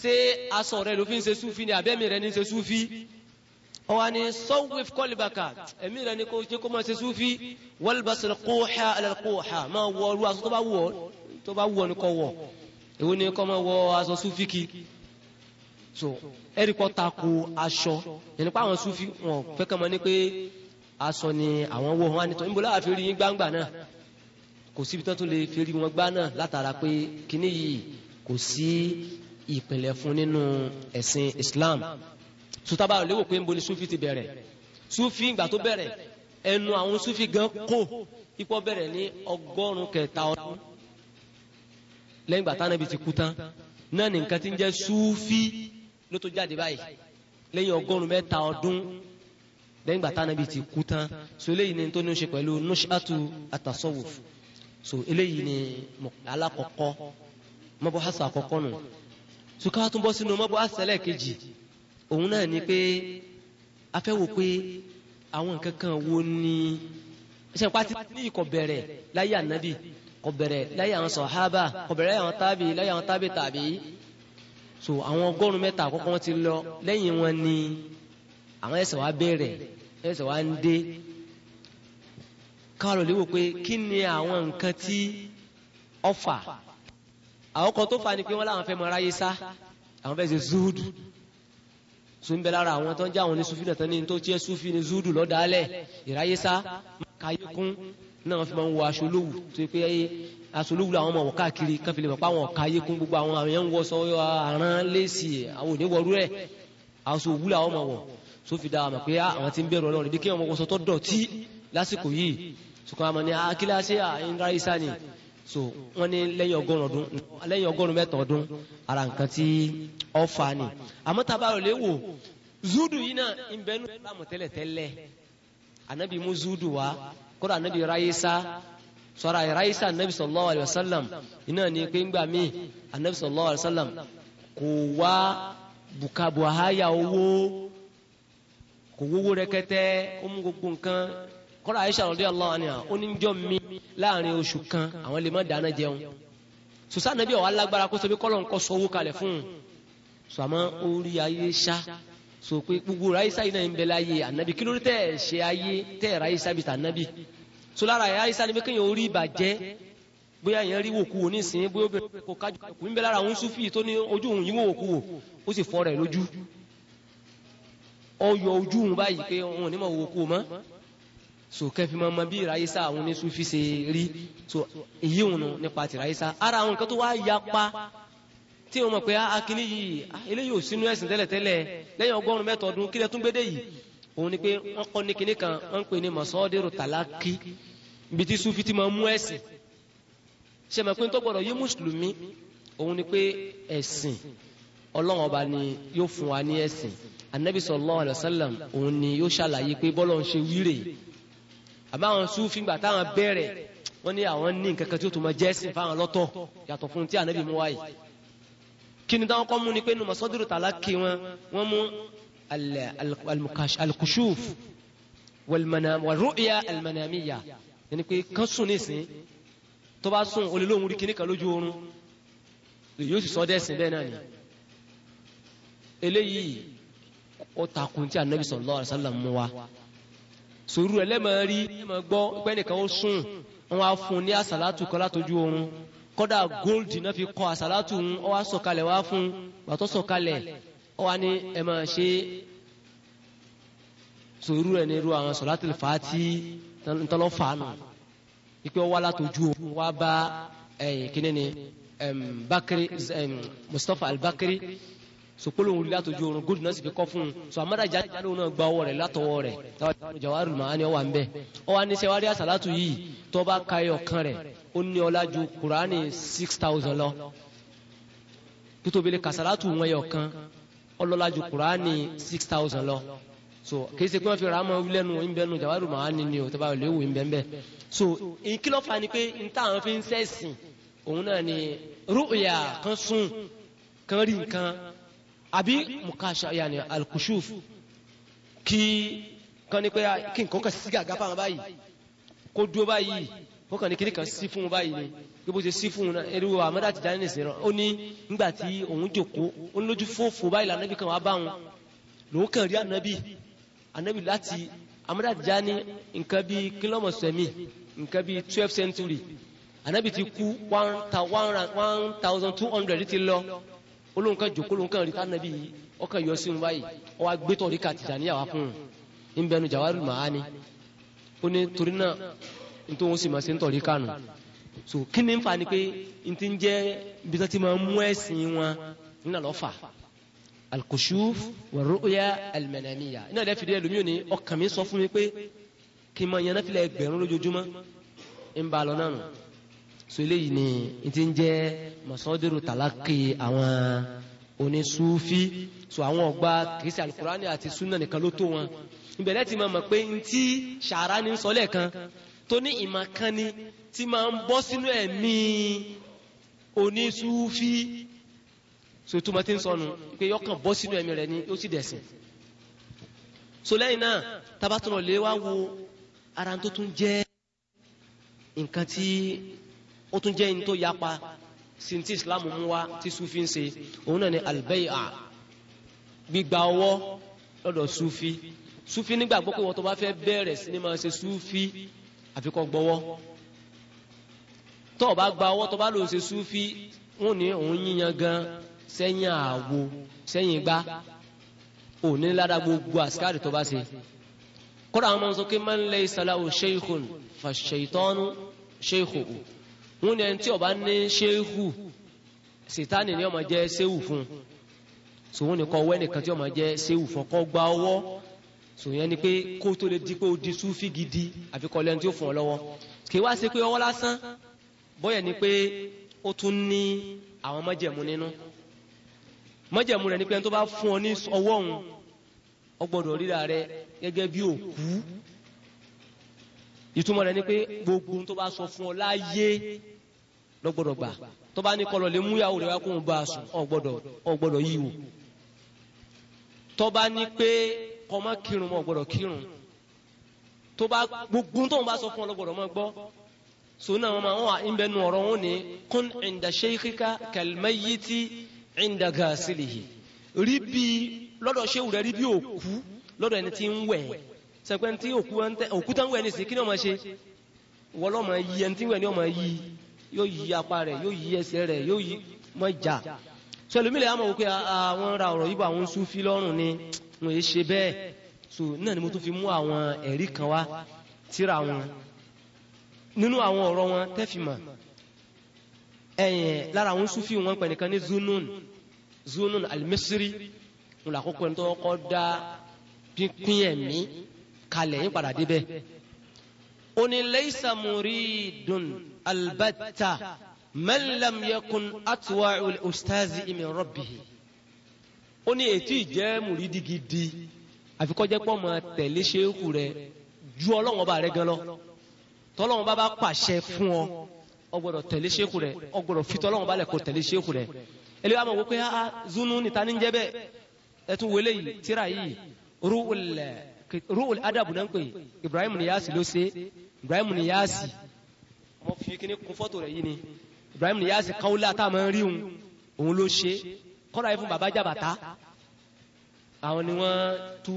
ṣé aṣọ rẹ ló fi ń ṣe sufi ni abẹ́mi rẹ ọwọ́ ni sọ́wọ́f kọ́lìbàkà ẹ̀mí rẹ̀ ni kò ṣe kó máa ṣe súfì wọ́lbàṣẹ̀ kóòhà alẹ́kóòhà máa wọ ọlú aṣọ tó bá wọ ni kò wọ èwo ni kò máa wọ aṣọ súfì kí so ẹ̀rí kọ́ ta ko aṣọ yẹn pa àwọn súfì wọn fẹ́ kàn máa ní pé aṣọ ni àwọn wọ wọn ànitọ́ níbo láwa fi rí gbangba náà kò síbi tó tún lè fi wọn gbá náà látara pé kíní yìí kò sí ìpìlẹ̀ fún nínú ẹ̀sìn Islam. Islam sotaba léwò pé nbọ ni sufi ti bẹ̀rẹ̀ sufi ìgbà tó bẹ̀rẹ̀ ẹnu àwọn sufi gan kó ikọ́ bẹ̀rẹ̀ ní ọgọ́rùn kẹta ọdún lẹ́yìn ìgbà táwọn ẹbí ti kú tán náà ní nǹkan ti ń jẹ́ sufi ló tó jáde báyìí lẹ́yìn ọgọ́rùn mẹ́ta ọdún lẹ́yìn ìgbà táwọn ti kú tán so eléyìí ni tó ní ṣe pẹ̀lú nushatu atasawuf so eléyìí ni alakọ̀kọ́ mọ́bọ́ hasa àkọ́kọ́ nù so ká tún bọ́ sínú mọ́bọ́ hasa ẹlẹ́ẹ̀kejì òun náà ni pé a fẹ́ wò pé àwọn nǹkan kan wo ni ṣe pati ní ikọ̀ bẹ̀rẹ̀ láyé ànábì kọ̀ bẹ̀rẹ̀ láyé àwọn sọ̀hábà kọ̀ bẹ̀rẹ̀ láyé àwọn tábì láyé àwọn tábì tàbí so àwọn ọgọ́rùn mẹ́ta àkọ́kọ́ wọn ti lọ lẹ́yìn wọn ni àwọn ẹsẹ̀ wa bẹ̀rẹ̀ ẹsẹ̀ wa ń dé káàró lè wò pé kí ni àwọn nǹkan tí ọfà àwọn kan tó fa ni pé wọn làwọn fẹ́ mọ aráyé sá àwọn fẹ́ ṣe zuhudu so ń bẹ lára àwọn tó ń jẹ́ àwọn ní sufi náà tán ní tó tiẹ́ sufi ní zudu lọ́dàálẹ̀ ìráyésá káyékún náà fi máa ń wọ aṣọ olówù tó yẹ pé aṣọ olówù làwọn ọmọ wọ káàkiri kan fi lè mọ̀ pé àwọn káyékún gbogbo àwọn àwọn yẹn ń wọ sọ àrán léèsì àwọn ò ní wọrú aṣọ òwú làwọn ọmọ wọ sófi dáa mọ̀ pé ah, àwọn ti ń bẹ̀rù ọlọ́run ibi kí wọn wọ sọ tó lásìkò yìí sùkọ́ àmọ́ ní akíláṣẹ́ ah, ah, ìnra ni so wọ́n ní lẹ́yìn ọgọ́rùn ọdún lẹ́yìn ọgọ́rùn mẹ́ta ọdún ara nǹkan tí ọ fa ni àmọ́ tabarò lè wò zudu yìí náà ìbẹnu ìlànà tẹ́lẹ̀tẹ́lẹ̀ anabi mú zudu wa kódà anabi ráyésá sọ̀rọ̀ àìráyésá anabi sallallahu alayhi wa sallam iná ni pé ńgbà míì anabi sallallahu alayhi wa sallam kò wá bukabu ahaya owó kò wówó rẹkẹtẹ ó mú gbogbo nǹkan kọ́ra Aisha radiyallahu anha oníjọ́ mi láàrin oṣù kan àwọn lè má dáná jẹun sùsà nàbí ọ̀wá lágbára kó sobi kọ́lọ̀ nǹkan sọ́wọ́ kalẹ̀ fún un sùmọ́ orí ayé sọ pé gbogbo Aisha yìí náà ń bẹ láyé ànábì kí lórí tẹ̀ ṣe ayé tẹ̀ Aisha bìtà ànábì sọ lára Aisha ni pé kéèyàn orí ìbàjẹ́ bóyá yẹn rí wòkú wò nísìnyí bóyá obìnrin kò kájú kò ń bẹ lára òun sufi tó ní ojú òun yìí wò wòkú wò ó sì fọ rẹ lójú ọyọ ojú òun báyìí pé òun ò ní mọ wòkú wò mọ́ so kẹfì máa ma bí ìráyísá àwọn oníṣúfì rí so èyí òun nù nípa ti ìráyísá ara àwọn nǹkan tó wá yapa tí wọn mọ̀ pé akíní ah, yìí ah, eléyìí ò sínú ẹ̀sìn tẹ́lẹ̀tẹ́lẹ̀ lẹ́yìn ọgọ́rùn-ún mẹ́tọ̀ọ́dún kílẹ̀ tún gbédè yìí òun ni pé wọ́n kọ́ ní kinní kan wọ́n ń pè ní mọ̀sọ́dẹ́rù tàlákì ibi tí sufi ti máa mú ẹ̀sìn ṣe mọ̀ pé ń tó gbọ́dọ̀ yé mùsùlùmí òun ni pé ẹ̀sìn ọlọ́run ọba ni yóò fún wa ní ẹ̀sìn anabi sallallahu alaihi wasallam òun ni yóò ṣàlàyé pé bọ́lọ̀ ń ṣe wíre àbáwọn sufi gbà táwọn bẹ̀rẹ̀ wọ́n ní àwọn ní nǹkan kan tí ó tún máa jẹ́ ẹ̀sìn fáwọn lọ́tọ̀ yàtọ̀ fún tí ànábì mú wáyé kí ni táwọn kọ́ mú ni pé numu sọ́dúró tààlà kí wọn wọ́n mú alkushuf wàlúùyà almanamiya yẹni pé kán sùn nísìn tó bá sùn olè rí kíní kan lójú oorun yóò sì sọ dẹ́sìn bẹ́ẹ̀ náà ni eléyìí ó takùn tí ànábì sallallahu alaihi wasallam mú wa sòrú rẹ̀ lẹ́mọ̀ rí lẹ́mọ̀ gbọ́ pé nìkan ó sùn wọn á fún un ní àsàlátù kan látọjú oorun kọ́dà gold náà fi kọ́ àsàlátù ń ọ wá sọ̀kalẹ̀ wá fún un gbàtọ́ sọ̀kalẹ̀ ọ wá ní ẹ̀ máa ṣe sòrú rẹ̀ ní irú àwọn sọ̀látìlì fàátì ntọ́lọ́ fàánù ikú ọ wá látọjú oorun wá bá eh, kíní ni Bakri Mustapha Al-Bakri sokolon wuli láti ojú oorun góòlù fi kọ́ fún so amadaja ló náà gba ọwọ́ rẹ̀ látọwọ́ rẹ̀ jawaru maani ọwà ń bẹ ọwà ní sẹwárí àsàlátù yìí tọ́ba kayọ kan rẹ̀ ó ní ọlá ju kurani six thousand lọ tutobele kasalatu wọn yọ kan ọlọ́lá ju kurani six thousand lọ so kìí ṣe pé wọ́n fi ra máa wílẹ̀ jawaru maani ni o tọ́ba lè wù ìbẹ́nbẹ́ so ìkìlọ̀ fa ni pé ntá àwọn fi ń sẹ́sìn òun náà ni rúùyà kan sùn kan rí nǹkan àbí mukasha yani alkushuf kí kan ní pé ah, kí nǹkan kan sí gàgá fáwọn báyìí kó dúró báyìí wọ́n kàn ní kíní kan sí fún un báyìí ni bí bó ṣe sí fún un ẹrú amadu àti dání nìsín ó ní nígbà tí òun jókòó ó ní lójú fòfò báyìí lànà bí kan wá bá wọn lòun kàn rí ànábì ànábì láti amadu àti dání nǹkan bíi kílọ̀mọ̀sẹ̀mí nǹkan bíi twelve century ànábì ti kú one thousand two hundred ti lọ olóhùn kan jòkó olóhùn kan rí tánàbí ọkàn yọ sínú báyìí ọwọ́ agbétọ̀ rí kàtìjà níyàwó fún un nbẹnu jàwárù màáni ó ní torí náà nítorí sì máa ṣe ń tọ̀rí so kí ni ń fa ni pé n ti ń jẹ́ bí máa mú ẹ̀sìn wọn nínú àlọ́ fà alkushuf wa ru'ya almanamiya iná ìdá fìdí ẹlòmíì ni ọkàn mi sọ fún mi pé kí n máa yan náfìlà ẹgbẹ̀rún lójoojúmọ́ ń lọ náà nù. Sole eléyìí ni n ti ń jẹ́ masọ́dúró tàlákì àwọn onísúfí so àwọn ọgbà kìsì alukurani àti sunna nìkan ló tó wọn ìbẹ̀rẹ̀ ti máa mọ̀ pé n ti sàrà ní sọ́lẹ̀ kan tó ní ìmọ̀ kan ni ti máa ń bọ́ sínú ẹ̀mí onísúfí so tó ma ti ń sọnù pé yọkàn bọ́ sínú ẹ̀mí rẹ ni ó sì dẹ̀sìn so lẹ́yìn náà tabatọ̀nà lè wá wo ara tó tún jẹ́ nǹkan tí ó tún jẹ́ ní tó yapa sinti islam mú wa tí sufi ń ṣe òun náà ni albay'a gbígba ọwọ́ lọ́dọ̀ sufi sufi nígbàgbọ́ pé wọ́n tó bá fẹ́ bẹ̀rẹ̀ sí ni máa ṣe sufi àfi kó gbọ́wọ́ tó o bá gba ọwọ́ tó bá lò ṣe sufi wọn ní òun yíyan gan sẹ́yìn àwo sẹ́yìn gbá òní ládàá gbogbo àsìkárì tó bá ṣe kódà àwọn ọmọ sọ pé man laysa lahu shaykhun fa shaytanu shaykhuhu wọn ni ẹni tí ọba ní ṣéhù sitani ni ọmọ jẹ ṣéhù fún so wọn ni kọ wẹ nìkan tí ọmọ jẹ ṣéhù fún kọ gba ọwọ́ so yẹn ni pé kó tó lè di pé ó di sufi gidi àfi kọ lẹni tí ó fún ọ lọ́wọ́ kì í wá sí pé ọwọ́ lásán bọyẹ ni pé ó tún ní àwọn májẹ̀mú nínú májẹ̀mú rẹ̀ ni pé ẹni tó bá fún ọ ní ọwọ́ òun ó gbọ́dọ̀ ríra rẹ̀ bí òkú ìtumọ̀ rẹ̀ ni pé gbogbo tó bá sọ fún ọ láyé lọ́gbọ́dọ̀ gbà tó bá ní kọlọ̀ lè múyàwó rẹ̀ wá kó ń bá a sùn ọ̀gbọ́dọ̀ ọ̀gbọ́dọ̀ yí wò tó bá ní pé kọ́má kírun mọ́ ọ̀gbọ́dọ̀ kírun tó bá gbogbo tó ń bá sọ fún ọ lọ́gbọ́dọ̀ mọ́ gbọ́ sona wọn ma wọn à ń bẹ nu ọ̀rọ̀ wọn ni kún ẹnda seyikika kalimayiti ẹnda gaasilihi ribi lọ́dọ̀ sewu rẹ̀ ribi òkú lọ́dọ̀ ẹni tí ń wẹ̀ sẹpẹ́ ntí òkúta ń wẹ̀ ní sí kí ni wọ́n máa ṣe wọ́n lọ́ máa yí ẹni tí ń wẹ̀ ni wọ́n máa yí yóò yí apá rẹ̀ yóò yí ẹsẹ̀ rẹ̀ yóò yí mọ́ jà sọ ẹlòmílẹ̀ àmọ̀ wípé àwọn ra ọ̀rọ̀ yìí bọ̀ àwọn sufi lọ́rùn ni wọ́n yé ṣe bẹ́ẹ̀ so náà ni mo tún fi mú àwọn ẹ̀rí kan wá tíra wọn nínú àwọn ọ̀rọ̀ wọn tẹ́fìmọ̀ ẹ̀yìn lára àwọn sufi wọn pẹ̀ nìkan ní zunun zunun alimisiri ńlá kókó ẹni tó kọ́ da pínpín ẹ̀mí kalẹ̀ yín padà débẹ̀ ó ní laysa muridun albatta man lam yakun atwa'u ustazi min rabbihi ó ní ètí ìjẹ́ mùrídìí gidi àfikọ́jẹ́ pọ́ máa tẹ̀lé ṣéèkù rẹ̀ ju ọlọ́run ọba rẹ̀ gan lọ tọ́lọ́run bá bá pàṣẹ fún ọ ọ gbọ́dọ̀ tẹ̀lé ṣéèkù rẹ̀ ọ gbọ́dọ̀ fi tọ́lọ́run balẹ̀ kó tẹ̀lé ṣéèkù rẹ̀ eléyà pé ah zunu níta ní jẹ́ bẹ́ẹ̀ ẹ tún wọlé yìí tíra yìí ru'ul ruhul adab náà ń pè ibrahim niyasi ló ṣe ibrahim niyasi mo fi kíní kun fọ́tò rẹ̀ yìí ni ibrahim niyasi kawula tá a máa ń rí òun òun ló ṣe kọ́ra yìí fún baba jabata àwọn ni wọ́n tú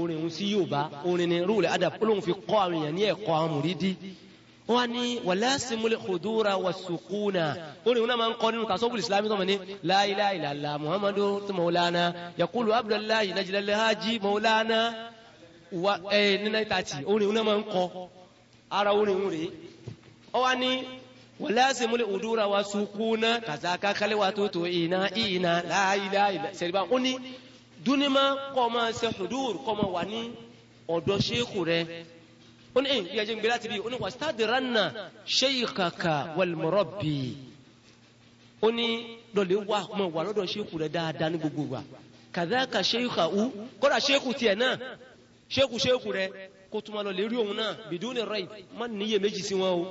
orin òun sí yorùbá orin ni ruhul adab ó lóun fi kọ́ àwọn èèyàn ní ẹ̀kọ́ àwọn mùrídì wọ́n ní wàlásìmúlẹ̀ kòdúra wà sùkúnà orin náà máa ń kọ́ nínú tasọ́bù islámi tó mọ̀ ní la ilaha illallah muhammadu maulana yakulu abdullahi najilalhaji maulana wa ẹ eh, ní nine thirty orin iná máa ń kọ ara orin ń rèé ọ wá ní wàláṣẹ múlẹ òdúrà wa sunkún náà kàtàkà kálẹ wa tó tó ìná ìná láàyílá sẹríba ó ní dunima kọ máa ṣe hudur kọ máa wà ní ọ̀dọ̀ ṣéèkù rẹ ó ní ẹyìn ìyàjẹ gbé láti bí ó ní wastadranna shaykhaka wal murabbi ó ní lọlẹ wà máa wà lọ́dọ̀ ṣéèkù rẹ dáadáa ní gbogbo wa kàtàkà ṣéèkù kọ́dà ṣéèkù tiẹ̀ náà ṣéèkù ṣéèkù rẹ kó tún máa lọ lè rí òun náà bìdúnì rẹ̀ má níyè méjì sí wọn o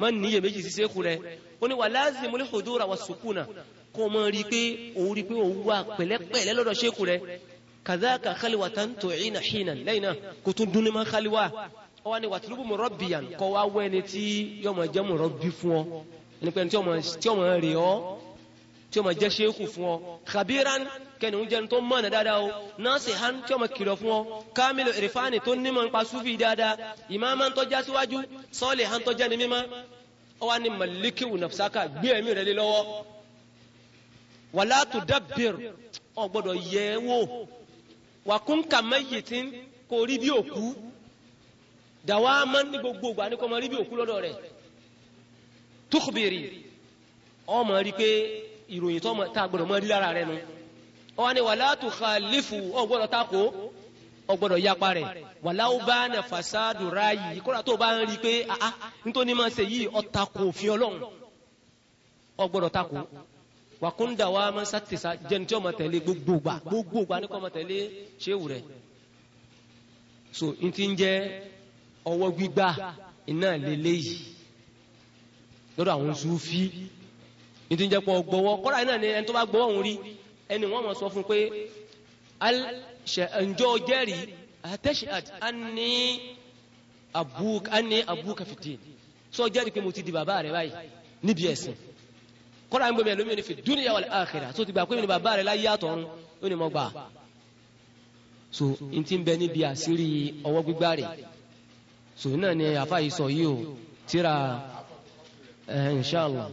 má níyè méjì sí ṣéèkù rẹ ó ní wà láàzìmú lè hudura wà sùkúnà kó o máa rí i pé òun rí i pé òun wà pẹ̀lẹ́pẹ̀lẹ́ lọ́dọ̀ ṣéèkù rẹ kàdáàkà khaliwatan tu'ina hinan lẹ́yìn náà kó tún dún má khaliwa ó wá ní wàtúlùbù mu rọ́bìyàn kọ́ wá wẹ́ni tí yọmọ jẹ́ mu rọ́bì fún ọ ẹni tí ọmọ rè ọ́ tí o ma jẹ́ seku fún ọ khabiran kẹ́ni ń jẹni tó mọ̀nà dáadáa o nasihan tí o ma kìlọ̀ fún ọ kamilu irifani tó nímọ̀ nípa sufi dáadáa imaman tó já síwájú salihan tó jẹ́ ni mímọ́ ọ wà ní malikiwu nafsaka gbé ẹ̀mí rẹ̀ lé lọ́wọ́ wala tudabbir ọ gbọ́dọ̀ yẹ wò wà kún kàmáyìtì kò rí bí òkú dàwa máa ní gbogbo ìgbà ní kò máa rí bí òkú lọ́dọ̀ rẹ̀ tukhbiri ọ máa rí pé ìròyìn tó tá a gbọ́dọ̀ mọ rí lára rẹ nu ọwọ́ ni wàlá tu khalifu ọgbọ́dọ̀ tako ọgbọ́dọ̀ yapa rẹ̀ wàlá ó bá na fasadu ráàyè kóra tó bá ń rí i pé ah, ah nítorí máa ṣe yìí ọ̀tako òfin ọlọ́run ọgbọ́dọ̀ tako wàkúndà wa máa ń sàtìsà jẹni tí ó máa tẹ̀lé gbogbo gbà gbogbo gbà ní kó máa tẹ̀lé ṣéwù rẹ̀ so n ti ń jẹ́ ọwọ́ gbígbà iná lélẹ́yìí lọ́dọ̀ àwọn Sufi nítorí pọ̀ gbọ́wọ́ kọ́ra náà ni ẹni tó bá gbọ́wọ́ òun rí ẹni wọ́n mọ̀ sọ fún pé ǹjọ́ jẹ́rìí àtẹ́ṣàd àní abúkà fìdí sọ jẹ́rìí pé mo ti di bàbá rẹ báyìí níbi ẹ̀sìn kọ́ra ń gbọ́mọ̀ ẹlòmíràn fi dúnìyà wal àkhírà tó ti gbà pé mi ni bàbá rẹ láyé àtọ̀run ó ní mo gbà so n ti bẹ níbi àṣírí ọwọ́ gbígbá rẹ̀ so náà ni àfa yìí sọ yìí o tíra eh, inshallah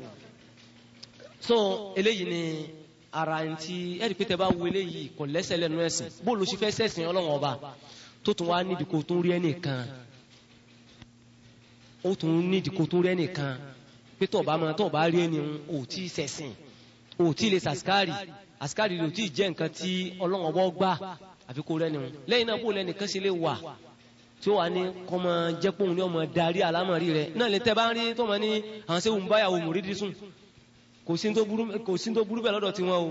so eléyìí ni ara ń ti ẹ̀rí pé tẹ bá wo eléyìí kò lẹ́sẹ̀ lẹ́nu ẹ̀sìn bóòlù sí fẹ́ sẹ̀sìn ọlọ́wọ́n ọba tó tún wá nídìí kó tún rí ẹnìkan ó tún nídìí kó tún rí ẹnìkan pé tọ́ọ̀bá máa tọ́ọ̀bá rí ẹni ò tí ì sẹ̀sìn ò tí ì lè sàskárì àskárì rẹ̀ ò tí ì jẹ́ nǹkan tí ọlọ́wọ́n ọba gbà àfi kó rẹ́ni lẹ́yìn náà bóòlù ẹnìkan sì lè wà tí ó wà ní kọ́mọ jẹ́pọ̀ òun ni ọmọ darí àlámọ̀rí rẹ̀ náà lè tẹ́ bá ń rí tọ́mọ ní àwọn sẹ́wọ̀n báyàwó mòrídìí kò sí tó burú bẹ́ẹ̀ lọ́dọ̀ tiwọn o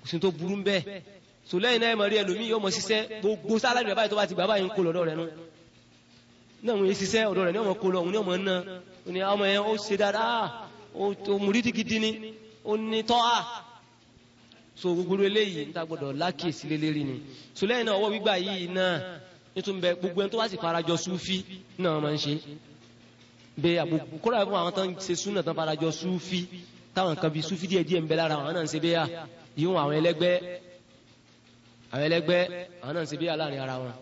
kò sí tó burú bẹ́ẹ̀ sòlẹ́yìn náà ẹ̀ mọ̀ rí ẹlòmíì yóò mọ̀ ṣiṣẹ́ gbogbo sálárì rẹ̀ báyìí tó bá ti gbà báyìí ń kó lọ́dọ̀ rẹ̀ nù náà wọn yé ṣiṣẹ́ ọ̀dọ̀ rẹ̀ ní ọmọ kó lọ òun ní ọmọ ná ní ọmọ yẹn ó ṣe dáadáa ó múrídìí gidi ni ó ní tọ́ so gbogbo eléyìí ń ta gbọdọ̀ lákèsí lélẹ́rìí ni sòlẹ́yìn náà ọwọ́ gbígbà yìí náà nítorí gbogbo ẹni tó wá sì farajọ súfì náà máa ń ṣe bẹ́ẹ̀ àbùkù kọ́ra fún àwọn tó ń ṣe súnà tó ń fara jọ súfì táwọn kan bíi súfì díẹ̀ díẹ̀ ń bẹ lára àwọn náà ń ṣe bẹ́ẹ̀ yìí àwọn ẹlẹ́gbẹ́ àwọn ẹlẹ́gbẹ́ àwọn náà ń ṣe bẹ́ẹ̀ láàrin ara wọn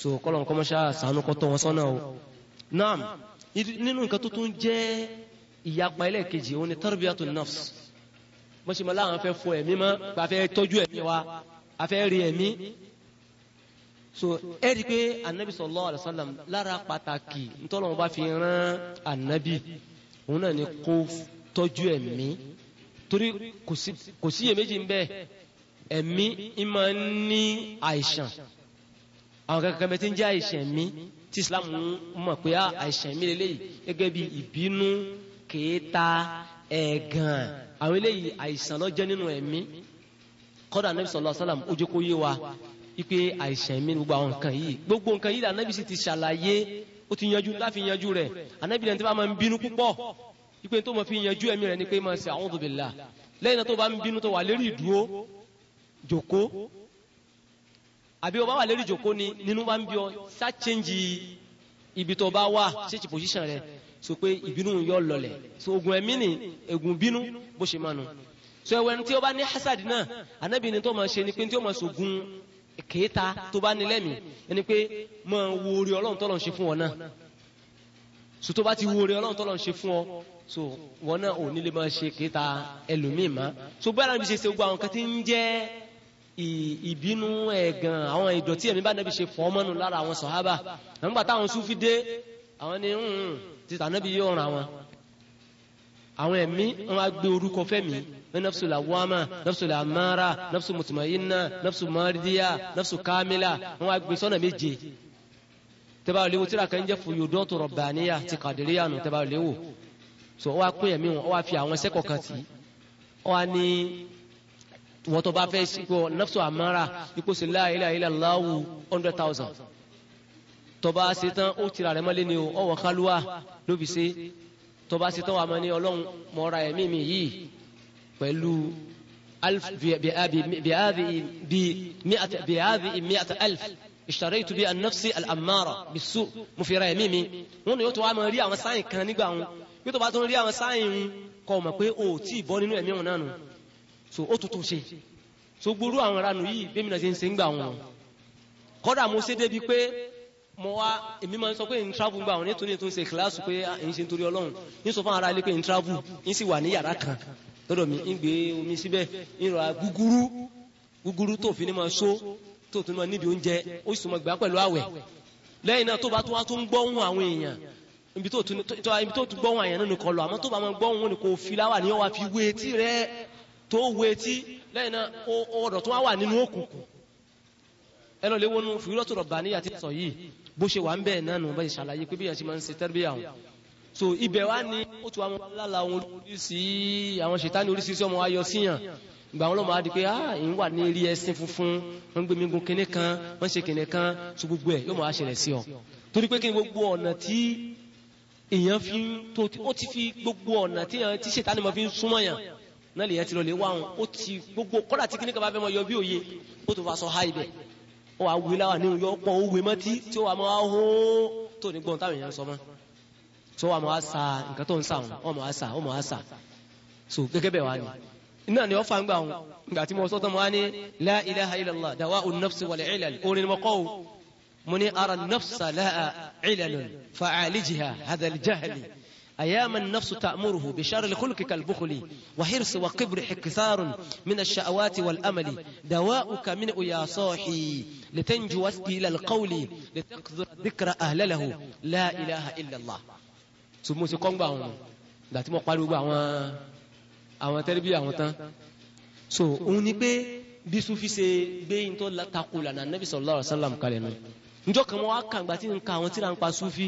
so kọ́lọ̀ kọ́mọ́ṣá sànú kọ́tọ́ wọn sọ́nà o naam nínú nǹkan tó tún jẹ́ ìyapa ẹlẹ́ẹ̀kejì òun ni tarbiyatun nafs mọ̀ṣẹ́ mọ́ láwọn afẹ́ fọ ẹ̀mí mọ́ gbàfẹ́ tọ́jú ẹ̀mí wa afẹ́ rí ẹ̀mí so ẹ̀rí pé anabi sallallahu alaihi wasallam lára pàtàkì ntọ́lọ́wọ́n bá fi rán anabi òun náà ni kó tọ́jú ẹ̀mí torí kò sí iyèméjì ń bẹ ẹ̀mí ń máa ń ní àìsàn àwọn kankan bẹ ti ń jẹ́ àìsàn ẹ̀mí tí islam mọ̀ pé ah, àìsàn ẹ̀mí lélẹ́yìí gẹ́gẹ́ bí ìbínú kèéta ẹ̀gàn àwọn eléyìí àìsàn ló nínú ẹ̀mí kọ́dà anabi sallallahu alaihi ojú kó yé wa ipe àìsàn mi gbogbo àwọn nǹkan yìí gbogbo nǹkan yìí anabi sì ti ṣàlàyé ó ti yanjú láfi yanjú rẹ̀ anabi lẹni tó bá máa ń bínú púpọ̀ ipe tó máa fi yanjú ẹ̀mí rẹ̀ ni pé máa ṣe a'udhu billah lẹ́yìn náà tó bá ń bínú tó wà lérí ìdúró jòkó àbí o bá wà lérí jòkó ni nínú bá ń bí ọ ṣá chẹ́ǹjì ibi tó bá wà ṣéèjì pòṣíṣàn rẹ̀ so pé ìbínú yọ lọlẹ̀ so ogun ẹ̀mí ni egun bínú bó ṣe máa nù so ẹ̀wẹ̀ ní tí o bá ní hasad náà anabi ni tó máa ṣe ni pé tí o máa sògun kéta tó bá ní lẹ́mìí ẹni pé máa wo orí ọlọ́run tọ́lọ́run ṣe fún ọ náà so tó bá ti wo orí ọlọ́run tọ́lọ́run ṣe fún ọ so wọn náà ò nílé máa ṣe kéta ẹlòmíì má so bẹ́ẹ̀ náà ṣe ṣe gbogbo àwọn kan ti ń jẹ́ ìbínú ẹ̀gàn àwọn ìdọ̀tí ẹ̀mí bá nàbí ṣe fọ́ mọ́nu lára àwọn sọ̀hábà nígbà táwọn súfí dé àwọn ni títà nàbí yóò ràn àwọn àwọn ẹ̀mí wọn á gbé orúkọ fẹ́mi nafsu lawama nafsu lamara nafsu mutmainna nafsu maridiya nafsu kamila wọn wá gbé sọ́nà méje tẹ́bà léwu tíra kan jẹ́ fuyudọ́tò rọ̀bàníyà ti kàdíríyà so wa wá pín ẹ̀mí wọn ọ wá fi àwọn ẹsẹ̀ kọ̀ọ̀kan tì í ọ wá ní tó bá fẹ́ sikọ nafsu amara ikú la ilaha illallahu hundred thousand tọba ṣetán ó tira rẹ̀ mọ́lẹ̀ ni o ọwọ́ kálúwà ló fi ṣe tọba ṣetán wà mọ́ ní ọlọ́run mọ́ra ẹ̀mí yìí pẹ̀lú bíháàbí mi'ata alf ìṣàrẹ́yìtú bíi anafsi al'amara bisu mo fi ra ẹ̀mí mi wọn ni yóò tó wá máa rí àwọn sáyìn kan nígbà wọn yóò tó bá tó rí àwọn sáyìn wọn kọ́ mọ̀ pé o tí ì bọ́ nínú ẹ̀mí wọn náà nù so ó tuntun ṣe so gbúrú àwọn ranù yìí bí mi náà ṣe ń ṣe ń gbà wọn kọ́dà mo ṣe débi pé mo wá èmi máa ń sọ pé n travel gbà wọn nítorí ètò ah, ń ṣe kíláàsì pé n ṣe nítorí ọlọ́run n sọ fún ara ilé pé n travel n sì wà ní yàrá kan lọ́dọ̀ mi ń gbé omi síbẹ̀ ń rọra gúgúrú gúgúrú tó fi ni máa so tó fi máa níbi oúnjẹ ó sì máa gbà pẹ̀lú àwẹ̀ lẹ́yìn náà tó bá tó wá tó ń gbọ́ ohun àwọn èèyàn ibi tó tún gbọ́ ohun àyàn nínú kọlọ̀ àmọ́ tó bá máa gbọ́ ohun ni kò fi láwà ní ọwà fi wé etí rẹ tó wé etí lẹ́yìn náà ọ̀dọ̀ tó wá wà nínú òkùnkùn ẹ lọ lé wọnú fìwúrọ́tò rọ̀bà níyà ti sọ yìí bó ṣe wà ń bẹ́ẹ̀ so ibẹ̀ wa ni ó ti wà mọ́ lála àwọn oríṣi àwọn ṣètánì oríṣiríṣi ọmọ ayọ síyàn gbà wọn lọ máa di pé ah ń wà ní eré ẹsìn funfun wọn gbé mi gun kinní kan wọn ṣe kinní kan so gbogbo ẹ yóò máa ṣẹlẹ̀ sí ọ torí pé kí ni gbogbo ọ̀nà tí èèyàn fi tó ó ti fi gbogbo ọ̀nà tí èèyàn ti ṣètánì mọ́ fi ń súnmọ́ yàn náà lè yẹn ti lọ lè wá wọn ó ti gbogbo kọ́dà tí kinní kan bá fẹ́ mọ́. so wà mọ àṣà nǹkan tó ń sà wọn wà mọ àṣà wọn mọ àṣà so gẹ́gẹ́ bẹ́ẹ̀ wà ní. iná ni ọfà ń gbà wọn ngbà tí mo sọ tán mo wá ní la ilaha illallah dawa'un nafsi wal ilal orin ni mo kọ́ o mo ní ara nafsa laha ilalun fa'alijiha hadal jahli. أيام النفس تأمره بشر الخلق كالبخل وحرص وقبر حكثار من الشأوات والأمل دواؤك من يا صاحي لتنجو إلى القول لتقذر ذكر أهل له لا إله إلا الله so mo ṣe kọ́ngbà wọn ìgbà tí mo parí gbogbo àwọn àwọn tẹ́lẹ̀bí àwọn tán so òun ni pé bí sufi ṣe gbé ntọ́ takò lànà nabi sallallahu alaihi wasallam kalẹ̀ nù njọ́ kan mo wá kàn gbà tí n ka àwọn tíra ń pa sufi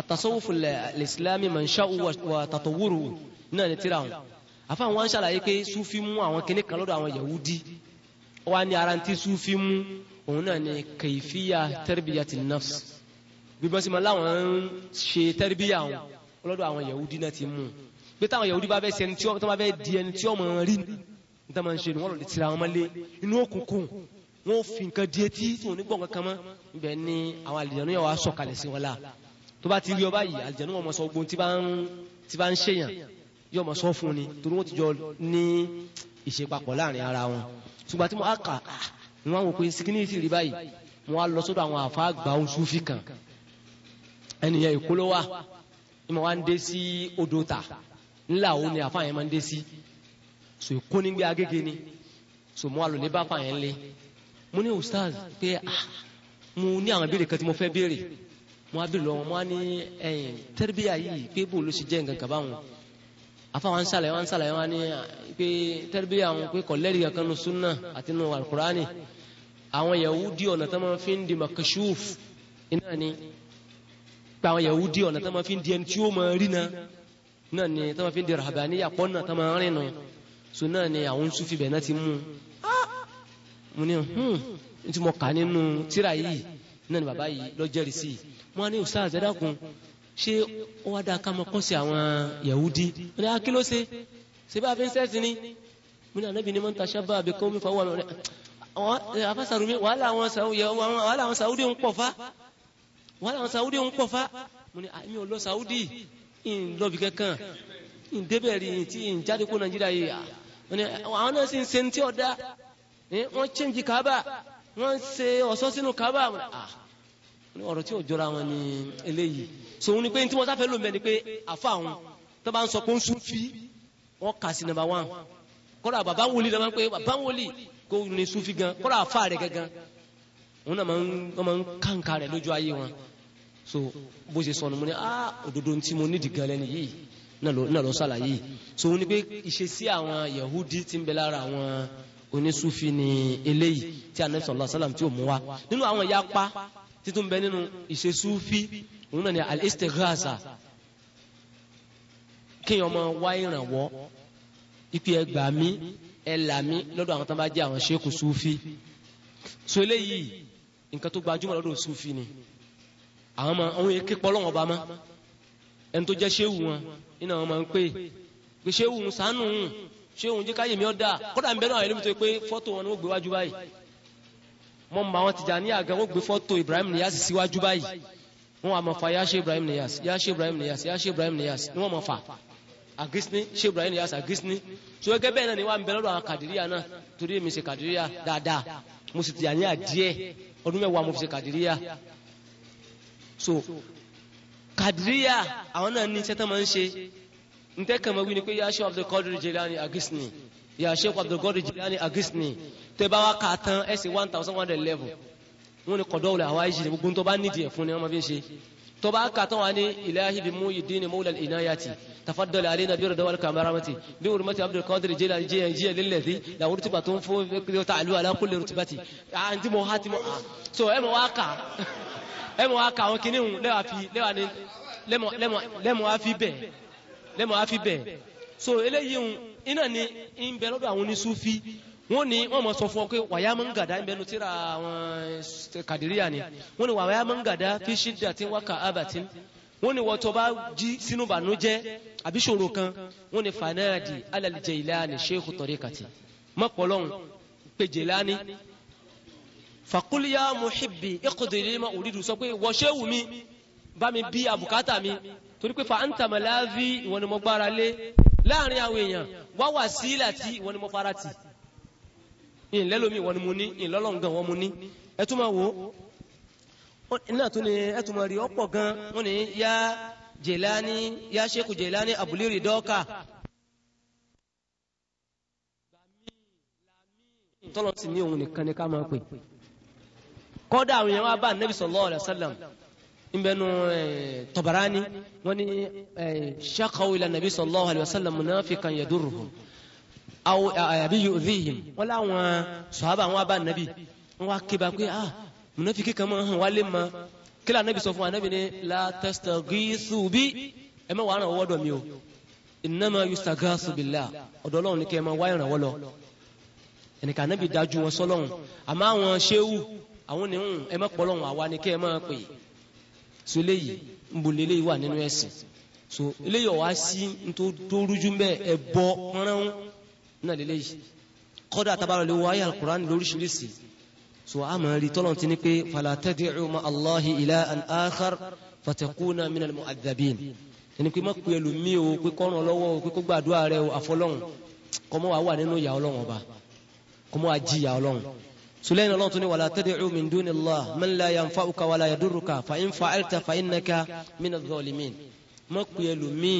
àtàsọ́wọ́fù lẹ́sìlámì mọ̀nṣá wà tàtọ̀wúrò náà ni tíra wọn àfa wọn ń ṣàlàyé pé sufi mú àwọn kìnnì kan lọ́dọ̀ àwọn yahudi wọn ni ara ti sufi mú òun náà ni kẹfìyà tẹ́rìbìyà ti nafs bí bọ́sí ma láwọn ń ṣe tẹ́rìbìyà wọn lọ́dọ̀ àwọn yahudi náà ti mú un pé táwọn yahudi bá fẹ́ ṣe ẹni tí wọ́n bá fẹ́ di ẹni tí wọ́n mọ̀ rí ní tá máa ń ṣe ni wọ́n lọ lè tira wọn mọ́lé inú òkùnkùn wọn ò fi nǹkan di etí tí wọn ní gbọ́ kan mọ́ ibẹ̀ ni àwọn àlìjánu yẹn wàá sọ̀kalẹ̀ sí wọn la tó bá ti rí ọ báyìí àlìjánu wọn mọ sọ ogun tí bá ń ṣèyàn yóò mọ sọ fún ni torí wọn ti jọ ní ìṣepapọ̀ láàrin ara wọn ṣùgbọ́n tí mo á ni wọn wò pé sikini ti rí báyìí mo á lọ sọ́dọ̀ àwọn àfa àgbà oṣù fi kàn ẹnìyẹn ìkóló ni mo wá ń dé sí odò ta ńlá òun ni àfa yẹn máa ń dé sí so ìkóni agége ni so mo alòlé bá fa yẹn lé mo ní ustaz pé ah mo ní àwọn ìbéèrè kan tí mo fẹ́ béèrè mo á béèrè lọ́wọ́ mo á ní ẹ̀yìn tẹ́rẹ́bíyà yìí pé bò ló ṣe jẹ́ nǹkan kaba wọn afa wa ń ṣàlàyé wa ṣàlàyé wa ní pé tẹ́rẹ́bíyà wọn pé kọ̀lẹ́rì kankan nu sunna àti nu alukurani àwọn yahudi ọ̀nà tó máa fi ń di makashuf iná ni gba àwọn Yahudi ọ̀nà tó máa fi ń di ẹni tí ó máa rí na náà ni tó máa fi ń di rahabaniya pọ́ náà tó máa rìn nù so náà ni àwọn Sufi bẹ̀ náà ti mú mo ní hùn hmm, n tí mo kà nínú tíra yìí náà ni bàbá yìí lọ sí i mo ní ustaz ẹ dákun ṣé ó wá dáa ká mọ kọ́sí àwọn Yahudi mo ní akíló ṣe ṣe bá a fi ń sẹ́sìn ni mo ní anabi ni mo ń ta ṣábà àbí kọ́ mi fà wà lọ́wọ́ wàhálà àwọn Saudi ń pọ̀ fa wọn làwọn Saudi ń fa, mo ní àmì ọlọ Saudi ń lọ́bì kankan ń débẹ̀ rí ti ń jáde kó Nàìjíríà yìí wọn ni àwọn náà sì ń ṣe ti ọ̀dà wọn chẹ́ǹjì Kaaba wọn ṣe ọ̀ṣọ́ sínú Kaaba ọ̀rọ̀ tí ò jọra wọn ni eléyìí sòun ni pé tí wọ́n sáfẹ́ lò mẹ́ ni pé àfa àwọn tó bá ń sọ pé ń sún fi wọ́n kà sí number one kọ́ra bàbá wòlíì lọ́wọ́ pé bàbá wòlíì kò ní sún fi gan kọ́ra àfa rẹ̀ gangan wọn náà máa ń kàǹkà rẹ̀ lójú ayé wọn so bó ṣe sọnù mo ní ah òdodo tí mo nídìí gan lẹ́nu yìí náà lọ ṣàlàyé so wọn ni pé ìṣesí àwọn yahudi ti ń bẹ lára àwọn onísúfi ni eléyìí tí anabi sọlọ sálàm tí ò mú wa nínú àwọn yapa títún bẹ nínú ìṣesúfi òun náà ni al-istighaza kéèyàn wá ìrànwọ́ ipe ẹgbàá mi ẹ là mí lọ́dọ̀ àwọn tó bá jẹ́ àwọn ṣéèkù súfi so eléyìí nǹkan tó gbajúmọ̀ lọ́dọ̀ sufi ni àwọn ọmọ àwọn èké pọ́lọ́wọ́n ọba mọ́ ẹni tó jẹ́ ṣéwù wọn iná wọn máa ń pè pé ṣéwù ń sànù ń ṣéwù ń jẹ́ káyè mi ọ́ dà kódà ń bẹ́ẹ̀ náà ẹlẹ́mi pé fọ́tò wọn ni wọ́n gbé wájú báyìí mọ́ mọ́ àwọn Tijani àga wọ́n gbé fọ́tò Ibrahim Niyas síwájú báyìí wọ́n wà mọ̀ fa yá ṣe Ibrahim Niyas yá ṣe Ibrahim Niyas yá ṣe Ibrahim Niyas ni wọ́n mọ̀ fa agisni ṣe Ibrahim Niyas agisni so gẹ́gẹ́ bẹ́ẹ̀ náà ni wọ́n á mo sì ti àníyàn díẹ̀ ọdún mẹ́wàá mo fi ṣe kàdíríyà so kàdíríyà àwọn náà ní iṣẹ́ máa ń ṣe ntẹ́kàn máa wí ni pé yà Sheikh Abdul Qadir Jilani agisni yà Sheikh Abdul Qadir Jilani agisni tẹ́ bá wá kà tán ẹ̀sìn one thousand one hundred eleven wọ́n ní kọ̀dọ́ wọlé àwa yìí ṣe gbogbo ntọ́ bá nídìí ẹ̀ fún ni wọ́n máa fi ṣe tọba katan wani ilahi bi muhiddin mawla al-inayati tafaddal alaina bi rida wal karamati bi urmati abdul qadir jilal jiyan jiyan lillazi la urtiba tun fu ta'alu ala kulli urtibati anti mo hati mo so e mo waka e mo waka won kini hun le wa fi le wa ni le mo le mo le mo wa fi be le mo wa fi be so eléyìí hun ina ni in be lọ́dọ̀ àwọn ni sufi wọ́n ní wọ́n mọ̀ sọ fún ọ pé wàyà máa ń gàdá ń bẹnu tíra àwọn eh, kàdíríà ni wọ́n ní wàyà máa ń gàdá fi ṣídà tí wákà abatin wọ́n ní wọ́n bá jí sínú bànújẹ́ àbí ṣòro kan wọ́n ní fanadi alalijẹ ìlànà sheikh tọ́ríkàtì mọ́pọ̀lọ́hún pé jẹ̀láni fàkúlíyà muhibbi ìkọ̀dìrí ma òdìdù sọ pé wọ́n ṣé wù mí bá mi bí àbùkátà mi torí pé fàǹtà màláfi ìwọ ni mo gbára lé láàrin àwọn èèyàn wá wà sí láti ìwọ ni fara tì ìlẹ́lómi wọn ni mo ní ìlọ́lọ́ǹgàn wọn mo ní ẹ tún máa wò ó náà tún ni ẹ tún máa rí ọ̀pọ̀ gan wọn ni yá Jilani yá Sheikh Jilani abúlé rí dọ́ọ̀kà. tọ́lọ́ sì ní òun nìkan ni ká máa pè kọ́dà àwọn èèyàn wa bá Nabi sallallahu alaihi wasallam nbẹnu Tabarani wọn ni shaqaw ila Nabi sallallahu alaihi wasallam munafiqan yadurruhu àbí yu'dhihim wọn láwọn sọ̀hábà wọn bá nàbì wọn wá kéba pé ah munafiki kan máa hàn wálé ma kílà nàbì sọ fún wa nàbì ni la tastaghiithu bi ẹ má wà ràn wọ́dọ̀ mi o innama yustaghaathu billah ọ̀dọ̀ ọlọ́run ni kẹ́ ẹ máa wá ìrànwọ́ lọ ẹnìkan nàbì dájú wọn sọlọ́run àmọ́ àwọn ṣéwù àwọn ni ń ẹ má pọ́lọ́run àwa ni kẹ́ ẹ máa pè so léyìí ń bolè léyìí wà nínú ẹ̀sìn so eléyìí ọ̀ wá sí ní mbẹ́ ẹ bọ́ pọ́nrán náà lélẹ́ yìí kọ́dà tabalọ̀ lè wáyé alukur'an lóríṣiríṣi so a máa rí tọ́lọ̀ tí ni pé fala tad'u ma Allahi ilahan akhar fatakuna minal mu'adhabin ẹni pé má pe ẹlòmíì o pé kọ́ràn lọ́wọ́ o pé kó gbàdúrà rẹ o àfọlọ́hún kọ́mọ́ wa wà nínú ìyà ọlọ́run ọba kọ́mọ́ wa jí ìyà ọlọ́run sulayin ọlọ́run tó ní wala tad'u min dunillah man la yanfa'uka wala yadurruka fa in fa'alta fa innaka minadh-dhalimin má pe ẹlòmíì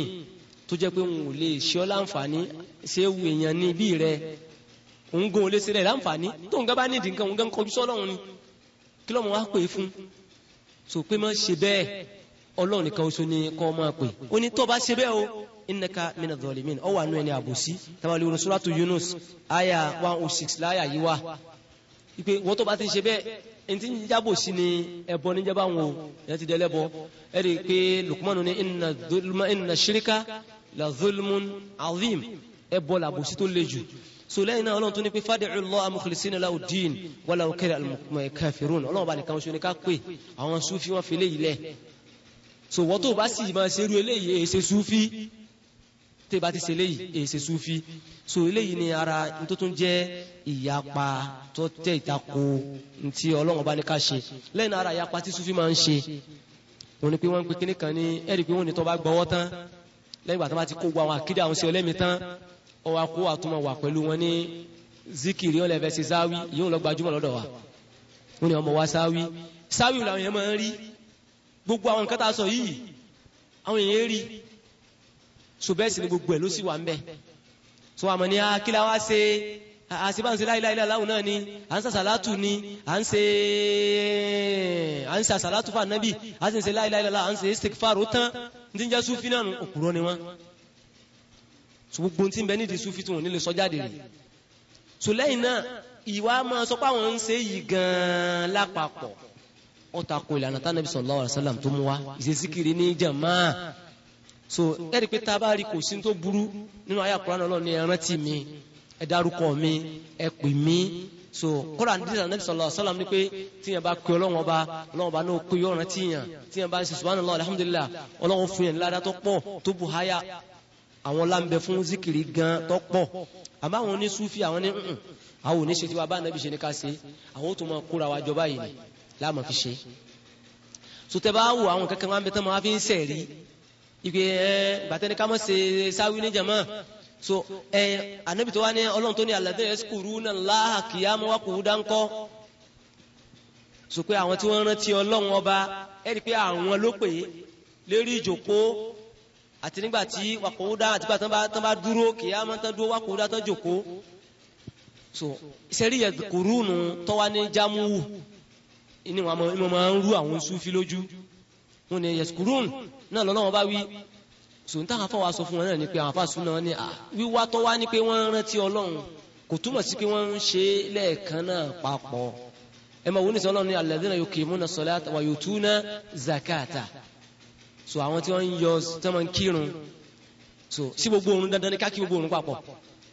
tó jẹ́ pé òun ò lè ṣe ọ́ láǹfààní ṣé ewu èèyàn ní ibi rẹ òun gan ò lè ṣe rẹ láǹfààní tó nǹkan bá nídìí nǹkan òun gan kọjú sọ́lọ́run ni kí lọ́mọ wa pè é fún so pé má ṣe bẹ́ẹ̀ ọlọ́run nìkan oṣù ni kọ́ máa pè ó ní tó bá ṣe bẹ́ẹ̀ o innaka mina zalimin ọ wà nù ẹni àbòsí tábàlì orin suratu Yunus aya one oh six láyà yìí wá ipe wọ́n tó bá ti ṣe bẹ́ẹ̀ ẹni tí ń jábò sí ni ẹ̀bọ níjàmbá wọn o ẹ̀ ti dẹ́lẹ́bọ ẹ̀ rí i pé Luqmanu ní inna dhulma shirika la zulmun azim ẹbọ làbòsí tó le jù so lẹ́yìn náà ọlọ́run tó ní pé fad'u Allah mukhlisina lahu din walaw kari al-kafirun ọlọ́run bá nìkan ṣe ni ká pè àwọn sufi wọn fi léyìí lẹ̀ so wọ́n tó bá sì máa ṣerú eléyìí èyí ṣe sufi tẹ́ bá ti ṣe eléyìí èyí ṣe sufi so eléyìí ni ara tó jẹ́ ìyapa tó tẹ́ ìtako ti ọlọ́run bá ní ṣe lẹ́yìn ara ìyapa tí sufi máa ń ṣe wọ́n ní pé wọ́n ń pe kíní kan ní ẹ̀rí lẹ́yìn ìgbà tó bá ti kó gbọ́ àwọn àkídà àwọn sí ọlẹ́mi tán ó wá kó àtúmọ̀ wà pẹ̀lú wọn ní zikiri ọ̀lẹ́ fẹ́ ṣe sáwí yóò lọ gbajúmọ̀ lọ́dọ̀ wa wọn ni ọmọ wa sáwí sáwí làwọn yẹn máa ń rí gbogbo àwọn nǹkan tá a sọ yìí àwọn yẹn rí so ni gbogbo ẹ̀ ló sì wà ń bẹ̀ so àmọ́ ni akíla ṣe àṣìbá ń ṣe láìláì láìláì náà ni à ń sàṣàlátù ni à ń ṣe à ń sàṣàlátù fún ànábì à ń ṣe láìláì láìláì à ń ṣe istikfaro tán ní jẹ́ sufi náà òkúrọ́ ni wọ́n so gbogbo tí ń bẹ nídìí sufi tí wọn nílé sọ jáde rè so lẹ́yìn náà ìwà máa sọ pé àwọn ń ṣe yìí gan-an lápapọ̀ ó ta ko ìlànà tá nàbì sallallahu alaihi wasallam tó mú wa ìṣesíkiri ní jàmáà so ẹ̀rí pé tá a bá rí kò sí tó burú nínú àyà Kùránì ní ẹ rántí mi ẹ dárúkọ mi ẹ pè mí so kóra ní dídá nàbì sallallahu alaihi wasallam ni pé tíyẹn bá pe ọlọ́wọ́n ba ọlọ́wọ́n ba náà pe yọ̀ọ̀rọ̀ tíyẹn tíyẹn bá ń ṣe subhanallah alhamdulillah ọlọ́wọ́n fún yẹn ńláda tó pọ̀ tó bu háyà àwọn láǹbẹ̀ fún zikiri gan tó pọ̀ àmọ́ àwọn ní sufi àwọn ní nǹkan àwọn òní ṣe tí wàá bá nàbì ṣe ní ká ṣe àwọn ó tún máa kóra wa jọba yìí ni láàmú fi ṣe sotẹ bá wò àwọn kankan máa ń sẹ̀rí so ẹ anabi tó wá ní ọlọ́run tó ní alladhi yaskuruna Allaha wa qu'udan ńkọ́ so pé àwọn tí wọ́n rántí ọlọ́run ọba ẹ pé àwọn ló lérí ìjókòó àti nígbà tí wa qu'udan àti nígbà tán bá dúró qiyaman tán dúró wa qu'udan tán jókòó so sẹ́rí yẹ kùrúùnù tọ́wá ní jámúwù ìní wọn máa ń rú àwọn sufi lójú wọn ni yẹ kùrúùnù náà lọ́nà bá wí sòńtà àfọ wa sọ fún wọn náà ni pé àwọn afáàsùn náà ni wíwá tó wá ni pé wọ́n rántí ọlọ́run kò túmọ̀ sí pé wọ́n ń ṣe lẹ́ẹ̀kan náà papọ̀ ẹ máa wo ní sọlọ́run ní alladhina yuqimuna salata wa yutuna zakata so àwọn tí wọ́n ń yọ tí wọ́n ń kírun so sí gbogbo òun dandan ni ká kí gbogbo òun papọ̀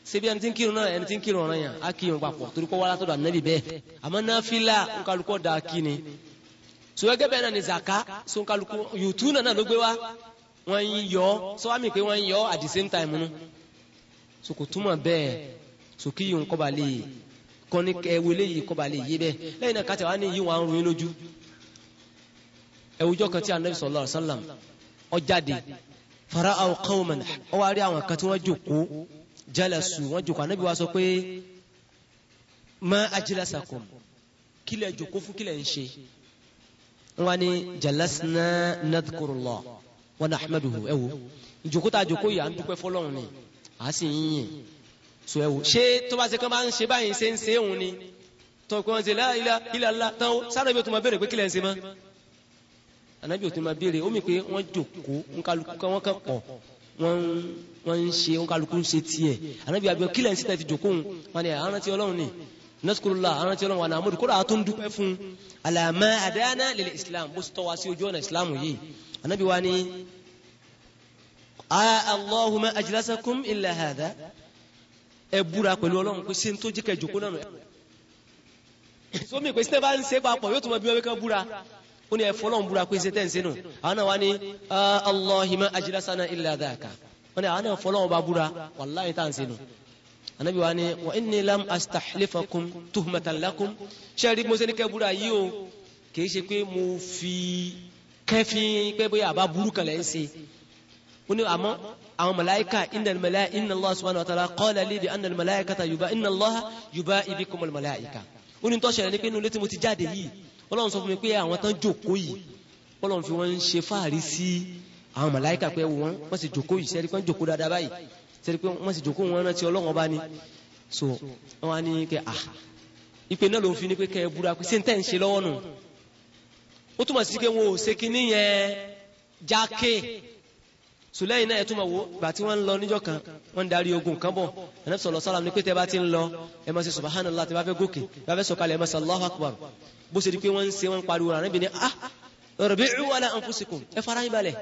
sebi ẹni tí ń kírun náà ẹni tí ń kírun ọ̀ràn yẹn á kírun papọ̀ torí kọ́ wàlá tó dà nẹ́bi bẹ́ẹ̀ àmọ́ náfìlà nkálukọ́ da kí ni so gẹ́gẹ́ bẹ́ẹ̀ náà ni zaka so nkálukọ́ yòtú náà ló gbé wá wọ́n ń yọ sọ wá mi pé wọ́n ń yọ at the same time nu so kò túmọ̀ bẹ́ẹ̀ so kí yìí ń kọ́ ba lè kọ́ ní ẹwọ eléyìí kọ́ ba lè yé bẹ́ẹ̀ lẹ́yìn náà kàtà wá ní yìí wọ́n á ń ròyìn lójú ẹwùjọ́ kan tí anabi sallallahu alaihi wasallam ó jáde fara'aw qawman ó wá rí àwọn kan tí wọ́n jókòó jalasu wọ́n jókòó anabi wa sọ pé ma ajlasakum kílẹ̀ jókòó fún kílẹ̀ ń ṣe wọ́n wá ní jalasna nadhkurullah wa nahmaduhu ẹ wo ìjókòó tá a jókòó à ń dúpẹ́ fọlọ́run ni à sì ń yìn so ẹ wo ṣé tó bá ṣe kán bá ń ṣe báyìí ṣe ń ṣe òun ni tó kàn ṣe la ilaha illallah tán o sáré bí o tún máa béèrè pé kílẹ̀ ń ṣe mọ́ ànábì o tún máa béèrè ó mì pé wọ́n jókòó nǹkan kàn pọ̀ wọ́n ń ṣe nǹkan kálukú ń ṣe tiẹ̀ ànábì àbí kílẹ̀ ń ṣe tẹ̀ ti jókòó wọn ni à nasukurula aranti Ọlọ́run wa namudu kódà àtún dúpẹ́ fún alama adana lil islam bó sọ wá sí ojú ọ̀nà islam yìí anabi wa ni allahumma ajlasakum illa hadha ẹ búra pẹ̀lú Ọlọ́run pé ṣé n tó jẹkẹ jòkó náà sómi pé bá ń ṣe papọ̀ yóò tún bá bí wọn bí kan búra ó ní ẹ fọlọ́n búra pé ṣe tẹ́ ń ṣe àwọn náà wá ní allahumma ajlasana illa dhaka wọn ni àwọn náà fọlọ́n bá búra wàláyé tá à ń ṣe anabi wa ni wa inni lam astahlifakum tuhmatan lakum sẹ́ẹ̀rí mo ṣe ní kẹ́búra yìí o kìí ṣe pé mo fi kẹ́fín pé bóyá àbá burú kan lẹ́ ń ṣe ó ní àmọ́ àwọn màláíkà innal màláíkà inna Allah subhanahu wa ta'ala qala li bi anna al-malaikata yuba inna Allah yuba'i bikum al-malaika ó ní tọ́ṣẹ̀lẹ̀ ní pé inú létí mo ti jáde yìí ọlọ́run sọ fún mi pé àwọn tán jókòó yìí ọlọ́run fi wọ́n ń ṣe fáàrí sí àwọn màláíkà pé wọ́n sì jókòó yìí sẹ́rí pé wọ́n jókòó dáadáa báyìí sẹ́ni pé wọ́n sì jòkó wọn rántí ọlọ́run ọba ni so wọ́n á ní kẹ́ ah ìpè náà ló ń fi ní pé kẹ́ ẹ búra pé ṣé ń tẹ̀ ń ṣe lọ́wọ́ nù ó túmọ̀ sí pé wọn ò ṣe kinní yẹn jákè sùlẹ́yìn náà ẹ̀ tún wo gbà tí wọ́n ń lọ níjọ́ kan wọ́n ń darí ogun kan bọ̀ ẹ̀nà sọ̀rọ̀ sọ́ra ní pé tẹ́ bá ti ń lọ ẹ máa ṣe subhanallah tẹ́ bá fẹ́ gòkè bá fẹ́ sọ̀kalẹ̀ ẹ máa ṣe allahu akbar bó ṣe di pé wọ́n ń ṣe wọ́n ń pariwo rà níbi ni ah rabi'u ala anfusikum ẹ fara yín balẹ̀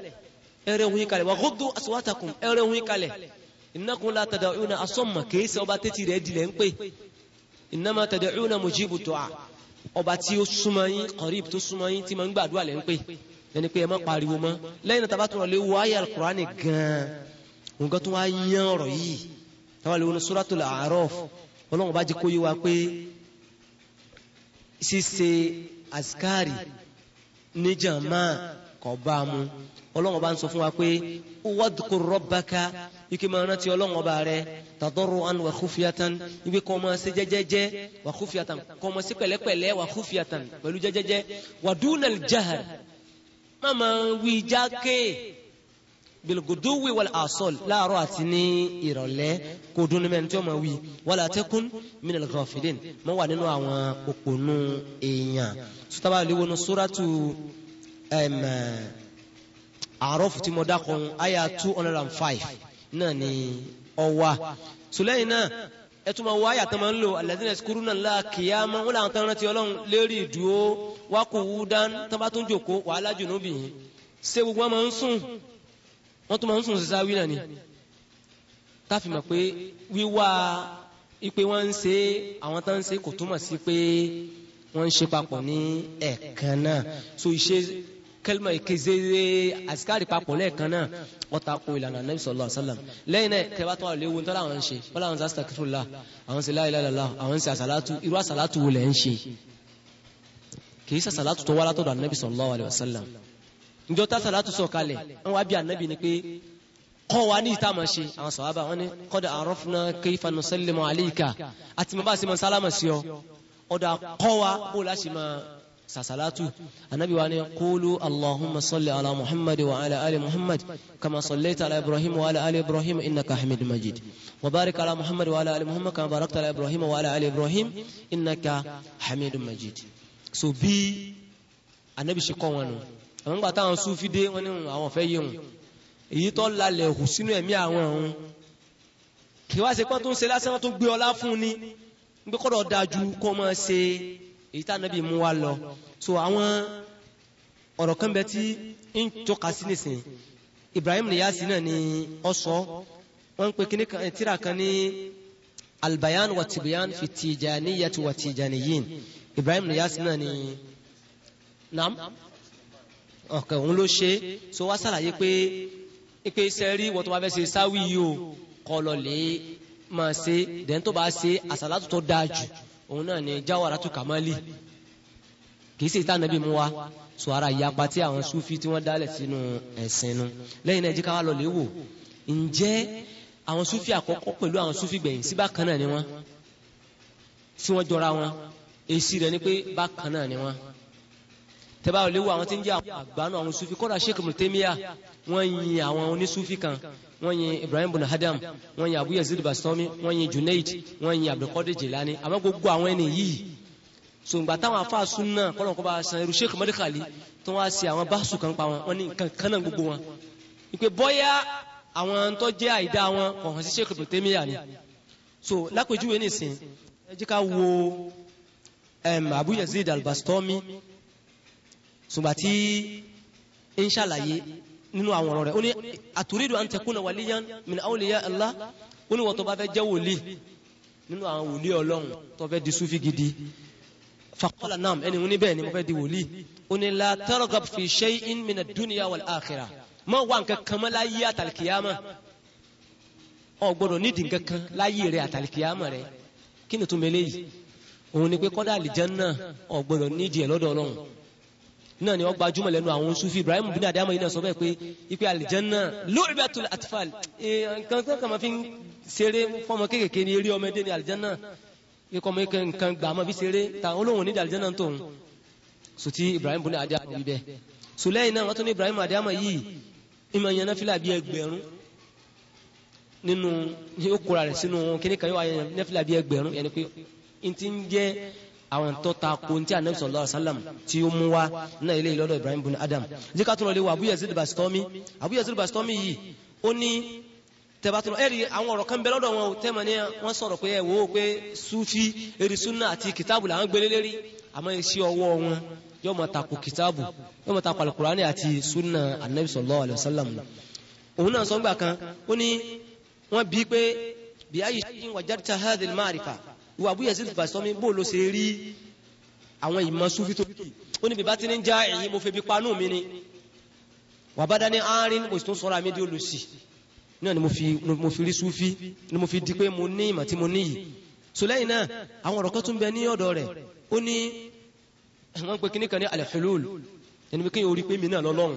ẹ rẹ̀ yín kalẹ̀ wa ghuddu aswatakum ẹ rẹ̀ wọ́n yín kalẹ̀ innakum la tad'una asamma kìí ṣe ọba tẹ́tì rẹ̀ dilẹ̀ ń pè innama tad'una mujibu du'a ọba tí ó súnmọ́ yín qarib tó súnmọ́ yín tí ma ń gbàdúrà lẹ́ ń pè ẹni pé ẹ má pariwo mọ́ lẹ́yìn náà tabatun lè wọ ayé alukurani gan nǹkan tó wá yán ọ̀rọ̀ yìí táwọn lè wọnú suratul A'raf ọlọ́run bá jẹ́ kó yé wa pé ṣíṣe azkari níjàmá kọ́ mu ọlọ́run bá ń sọ fún wa pé wadkur rabbaka ike máa rántí ọlọ́run ọba rẹ tadarruan wa khufiyatan ibi kọ́ máa ṣe jẹ́jẹ́jẹ́ wa khufiyatan kọ́ máa ṣe pẹ̀lẹ́pẹ̀lẹ́ wa khufiyatan pẹ̀lú jẹ́jẹ́jẹ́ wa dunal jahr má máa wí jákè bilguduwi wal asol láàárọ̀ àti ní ìrọ̀lẹ́ kò dunu mẹ́rin tí ó máa wí wala takun minal ghafilin má wà nínú àwọn òpònú èèyàn sotaba lewonu suratu ẹ̀mẹ́ẹ́ àárọ̀fù tí mo dákun àyà two hundred and five náà ni ọwa sùlẹ́yìn náà ẹ tún máa wá àyà tó máa ń lò alladhina yadhkuruna Allaha qiyaman wọn làwọn tó ń rántí ọlọ́run lérí ìdúró wa qu'udan tó bá tún jòkó wa ala junubihim ṣé gbogbo wọn máa ń sùn wọn tún máa ń sùn sí sáwí náà ni táfi mọ̀ pé wíwá ipe wọn ń ṣe àwọn tó ń ṣe kò túmọ̀ sí pé wọ́n ń ṣe papọ̀ ní ẹ̀ẹ̀kan náà so ìṣe kẹlima keze asikari papọ̀ lẹ́ẹ̀kan náà ọ̀tà kó ìlànà anabi sallallahu alaihi wasallam lẹ́yìn náà kẹbàtà wà léwu ntọ́lá àwọn ń ṣe wọ́n àwọn ń ṣe àwọn ń ṣe la ilaha illallah àwọn ń ṣe àsàlátù irú àsàlátù wo lẹ́ ń ṣe kì í ṣe àsàlátù tó wá látọ̀dọ̀ anabi sallallahu alaihi wasallam njọ́ tá àsàlátù sọ kalẹ̀ wọ́n wá bí anabi ni pé kọ́ wa ní ìta máa ṣe àwọn sọ̀hábà wọn ni qad arafna kayfa nusallimu alayka àti mọ́ bá a sasalatu anabi wa ni qulu allahumma salli ala muhammad wa ala ali muhammad kama sallaita ala ibrahim wa ala ali ibrahim innaka hamid majid wa barik ala muhammad wa ala ali muhammad kama barakta ala ibrahim wa ala ali ibrahim innaka hamid majid so bí anabi ṣe kọ́ wọn nù àwọn gbàtà àwọn sufi dé wọn ni hmm, àwọn fẹ́ yé wọn èyí tó lalẹ̀ hù sínú ẹ̀mí àwọn ọ̀hún kí wá ṣe pọ́n tó ń ṣe lásán tó gbé ọlá fún ni gbé kọ́dọ̀ dájú kó máa èyí tá anabi mú wa lọ so àwọn ọ̀rọ̀ kan bẹ tí ń tọ́ka sí nìsín Ibrahim Niyasi náà ni ọ sọ wọn pe kíní kan tíra kan ní albayan wa tibiyan fi tijaniyati wa tijaniyin Ibrahim Niyasi náà ni nam ok òun ló ṣe so wá sàlàyé pé ipe sẹ́rí wọ́n tó bá fẹ́ ṣe sáwì o kọ́ lọ máa ṣe dẹ́n bá ṣe àṣàlátù tó dáa jù òun náà ni tu kamali kì í sì tá nàbí mu wa sọ ara ìyapa tí àwọn sufi tí wọ́n dálẹ̀ sínú ẹ̀sìn nu lẹ́yìn náà jíkà wà lọ lè wò ǹjẹ́ àwọn sufi àkọ́kọ́ pẹ̀lú àwọn sufi gbẹ̀yìn sí bákan náà ni wọ́n tí wọ́n jọra wọn èsì rẹ̀ ni pé bákan náà ni wọ́n tẹ́bá ò lè wo àwọn tí ń jẹ́ àgbà náà àwọn sufi kọ́dà Sheikh Mutemiya wọ́n yin àwọn onísufi kan wọ́n yin Ibrahim bin Hadam wọ́n yin Abu Yazid Bastami wọ́n yin Junaid wọ́n yin Abdulkadir Jilani àmọ́ gbogbo àwọn ẹni yìí sòǹgbà táwọn afáàsùn náà kọ́lọ́n kó bá san irú Sheikh Madi Khali tó wá sí àwọn báṣù kan pa wọn wọ́n ní nǹkan kan náà gbogbo wọn. ìpè bọ́yá àwọn tó jẹ́ àìdá wọn kò hàn sí Sheikh Ibn ni. so lápèjúwe nìsín ẹ jẹ́ ká wo Abu Yazid al-Bastami tí ń ṣàlàyé nínú àwọn ọ̀rọ̀ rẹ̀ ó ní àtúrídùn an takuna waliyan min awliya Allah ó ní wọ́n tó bá fẹ́ jẹ́ wòlíì nínú àwọn wòlíì ọlọ́run tó fẹ́ di sufi gidi faqala naam ẹni wọn níbẹ̀ ni mo fẹ́ di wòlíì ó ní la targhab fi shay'in min ad-dunya wal akhirah mọ wà nǹkan kan mọ́ láyé àtàlìkìyàmà ọ gbọ́dọ̀ nídìí nǹkan kan láyé rẹ àtàlìkìyàmà rẹ kí ni tó mẹlẹ́ yìí òun ni pé kọ́dà àlìjánnà ọ gbọ́dọ̀ nídìí ẹ̀ lọ́dọ̀ ọlọ́run náà ni ó gbajúmọ̀ lẹ́nu àwọn sufi ibrahim bin adama yìí náà sọ bẹ́ẹ̀ pé ipe alijanna lu'batul atfal nǹkan tó kàn máa fi ń ṣeré fọmọ kéékèèké ni eré ọmọdé ni alijanna ikọ̀ ọmọ ikọ̀ nǹkan gbà máa fi ṣeré ta olóhùn nídìí alijanna tó ń sùtì ibrahim bin adama yìí bẹ́ẹ̀ sùlẹ́yìn náà wọ́n tún ní ibrahim adama yìí ìmọ̀ yẹn náà fi làbí ẹgbẹ̀rún nínú ó kóra rẹ̀ sínú kíníkan yóò wáyé náà fi làbí àwọn tó ta ko ntí anabi sallallahu alaihi tí ó mú wa náà ilé ìlọ́dọ̀ ibrahim bin adam jẹ́ ká lọ lé wa abu yazid bastomi abu yazid bastomi yìí ó ní tẹ̀bátúrọ̀ ẹ̀rí àwọn ọ̀rọ̀ kan bẹ lọ́dọ̀ wọn ò ní wọ́n sọ̀rọ̀ pé ẹ wò ó pé sufi ẹ̀rí sunna àti kitabu làwọn gbélé lérí àmọ́ iṣẹ́ ọwọ́ wọn yóò máa takò kìtàbù yóò máa takò alukurani àti sunna anabi sallallahu alayhi wa sallam òun náà sọ ń gbà kan ó ní wọ́n bí pé bí ayé ṣe ń wàjáde ta hadhil ma'rifa ìwà Abu Yazid Bastami bó ló ṣe rí àwọn ìmọ̀ sufi tó ó ní bíbá tí ní já èyí mo febi panú mi ni wà bá dání arin mo sì tún sọ̀rọ̀ àmì díò lòsì náà ni mo fi rí sufi ni mo fi di pé mo ni. ìmọ̀ tí mo níyì sọlẹ́yìn náà àwọn ọ̀rọ̀ kan tún bẹ ní ọ̀dọ̀ rẹ̀ ó ni wọ́n pe kíní kan ní al-hulul ẹni pé kéèyàn orí pé mi náà lọ́lọ́run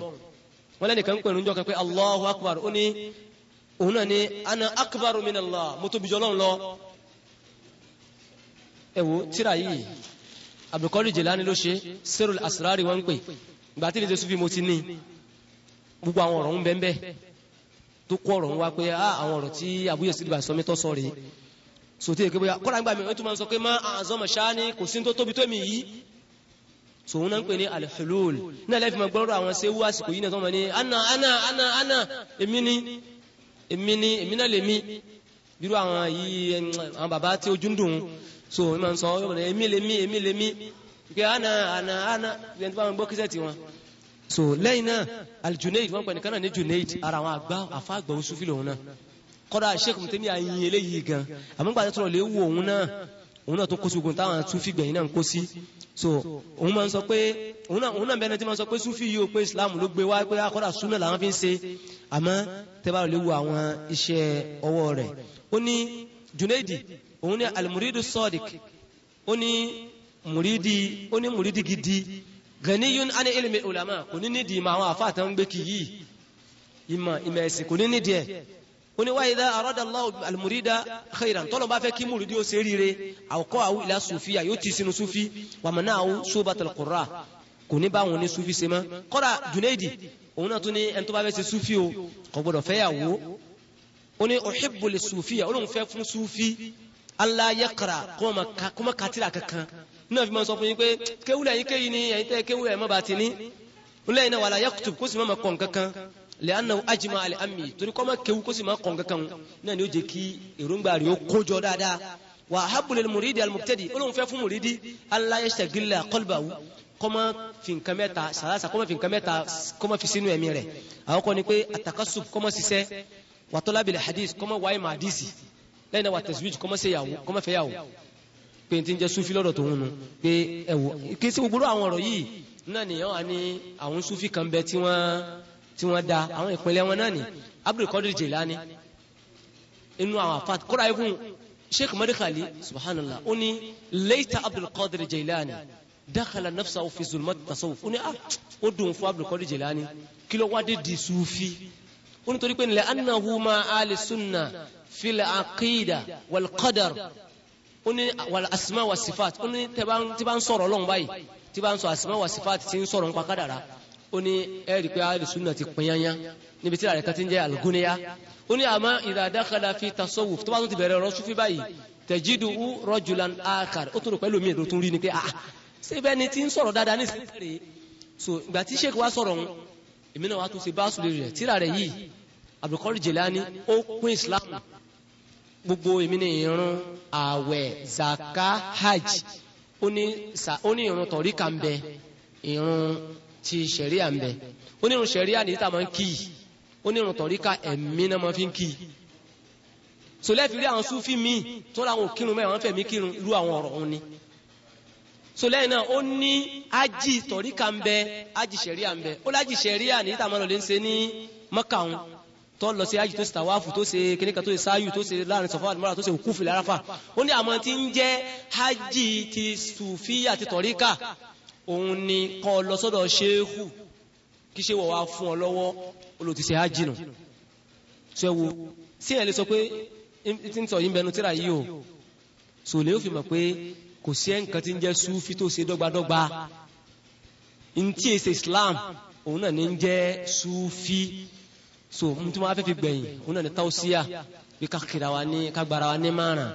wọ́n lẹ́nìkan ń pẹ̀lú ìjọkan pé Allahu akbar ó ní òun náà ní ana akbaru min Allah mo tóbi jọlọ́run lọ ẹ̀wò tíra yìí Abdulkadir Jelani ló ṣe Sirul Asrari wọn ń pè ìgbà tí ní jésù bí mo ti ní gbogbo àwọn ọ̀rọ̀ ń bẹ́ẹ̀ bẹ́ẹ̀ tó kọ́ ọ̀rọ̀ ń wá pé ah, àwọn ọ̀rọ̀ tí Abu Yazid Bastami tó sọ rèé sòtí èké bóyá kọ́ra gbàmí wọ́n tún máa ń sọ pé má àzọ́mọ̀ ṣáání kò sí tó tóbi tómi yìí sòun náà ń pè ní al-hulul náà lẹ́fì máa gbọ́rọ̀ àwọn ṣé àsìkò yìí náà tó máa ní ana ana ana ana èmi ni èmi ni èmi náà lèmi bírú àwọn yìí àwọn bàbá tí ojú ń dùn so wọn máa ń sọ yọmọ èmi lèmi èmi lèmi pé ana àna àna ìyẹn tó bá wọn gbọ́ kíṣẹ́ tiwọn. so lẹ́yìn náà aljunaid wọn pẹ̀lú kánà ní junaid ara àwọn àgbà àfa àgbà oṣù fìlẹ̀ òun náà kọ́dà sheikh mutemi ayin eléyìí gan àmọ́ gbàdé tó lọ lè wo òun náà òun náà tó kó sugun táwọn sufi gbẹ̀yìn náà ń kó sí so òun máa ń sọ pé òun náà òun náà bẹ́ẹ̀ ni tí máa sọ pé sufi yìí ó pé islam ló gbé wá pé akọ́dà sunna làwọn fi ń ṣe àmọ́ tẹ́ bá lè wo àwọn iṣẹ́ ọwọ́ rẹ̀ ó ní junaidi òun ni alimuridu sọ́ọ̀dìk ó ní muridi ó ní muridi gidi ghaniyun ani ilmi ulama kò ní nídìí ma àwọn àfáà tó ń gbé kì yìí ìmọ̀ ìmọ̀ ẹ̀sìn kò ní nídìí ẹ̀ ó ní wáyé dá arada Allahu alimurida khairan tọ́lọ́ bá fẹ́ kí muridi ó ṣe rire àwòkọ́ àwọn ìlà sufi yà yóò ti sinú sufi wàmúnà àwọn sóbàtàl qurra kò ní bá wọn ní sufi ṣe mọ́ kọ́ra Junaidi òun náà tún ní ẹni tó bá fẹ́ ṣe sufi o kò gbọdọ̀ fẹ́ yà wò ó ní uhibbu lisufiya ó lóun fẹ́ fún sufi Allah yaqra kuma ka kuma katira kankan náà fi máa sọ fún yín pé kéwúlẹ̀ yín kéyìí ni ẹ̀yin tẹ́ kéwúlẹ̀ ẹ̀ má ba ti ní wúlẹ̀ yín náà wala yakutu kó sì má ma kọ̀ nkankan li'annahu ajma al-ammi torí kọ́ ma kéwú kó sì má kọ̀ nkankan náà ni ó jẹ́ kí èròǹgbà rẹ̀ ó kójọ dáadáa wa habbu lil muridi al-mubtadi olóhùn fẹ́ fún muridi Allah yashtagilla qalbahu kọ́mọ fìǹkan mẹ́ta sàlásà kọ́mọ fìǹkan mẹ́ta kọ́mọ fi sínú ẹ̀mí rẹ̀ àwọn kọ́ni pé atakasub kọ́mọ sisẹ́ wa talabil hadith kọ́mọ wáyé lẹ́yìn náà wà tẹ̀síwìj kọ́mọ́sẹ̀yàwó kọ́mọ́fẹ́yàwó pé n ti ń jẹ́ sufi lọ́dọ̀ tó ń nu pé ẹ wò kí sí gbogbo àwọn ọ̀rọ̀ yìí náà nìyẹn wà ní àwọn sufi kan bẹ tí wọ́n da àwọn ìpínlẹ̀ wọn náà ni Abdul Qadir Jilani inú àwọn afat kóra ikun Sheikh Madkhali subhanallah ó ní leita Abdul Qadir Jilani dakhala nafsa fi zulmat tasawuf ó ní a ah, ó dùn fún Abdul Qadir Jilani kí ló wá dé di sufi ó ní torí pé nílẹ̀ annahu ma ali sunna fil aqida wal qadar ó ní wal asma wa sifat ó ní tí bá ń sọ̀rọ̀ ọlọ́run báyìí tí bá ń sọ asma wa sifat tí ń sọ̀rọ̀ nípa kádàrá ó ní ẹ rí i pé ahlu sunna ti pinyanya níbi tí ààrẹ kan ti ń jẹ́ al-Ghuniya ó ní àmọ́ idha dakhala fi tasawuf tó bá tún ti bẹ̀rẹ̀ ọ̀rọ̀ sufi báyìí tajidu rajulan akhar ó tún rò pẹ́lú mi ìdó tún rí ni pé ah ṣé ni ti ń sọ̀rọ̀ dáadáa ní so ìgbà tí wa sọ̀rọ̀ òun èmi náà wàá tún ṣe báṣu lè rẹ̀ tíra rẹ̀ yìí Abdul Qadir Islam gbogbo èmi ní irun àwẹ̀ zaka hajj ó ní irun tọ̀ríkà ń bẹ irun ti sẹ̀ríà ń bẹ ó ní irun sẹ̀ríà ní ìta máa ń kì í ó ní irun tọ̀ríkà ẹ̀mí náà máa fi ń kì í sọlẹ́fì rí àwọn súfì míì tó ra àwọn mẹ́rin wọ́n fẹ̀mí kírun irú àwọn ọ̀rọ̀ òun ni sọlẹ́yìn náà ó ní ájì tọ̀ríkà ń bẹ ájì sẹ̀ríà ń bẹ ó lájì sẹ̀ríà ní ìta máa lọ lé ń ṣe ní mọ́kà tó lọ sí ayé tó ṣe tàwáfù tó ṣe kíníkà tó ṣe sáyù tó ṣe láàrin sọfọ àdìmọ́ra tó ṣe òkú fìlà arafa ó ní àwọn tí ń jẹ́ hajj ti sùfíà ti tọ̀ríkà òun ni kọ́ lọ sọ́dọ̀ ṣéhù kí ṣe wọ̀ wá fún ọ lọ́wọ́ olùtìṣe hajj nù ṣe wo sí ẹ̀ lè sọ pé tí ń sọ yín bẹnu tíra yìí o sò lè fi mọ̀ pé kò sí ẹnìkan tí ń jẹ́ sufi tó ṣe dọ́gbadọ́gba ntí èsè Islam òun náà ní ń jẹ́ sufi so n tún bá fẹ́ fi gbẹ̀yìn òun náà ní tawusiya bí ká kira wa ní ká gbara wa ní márùn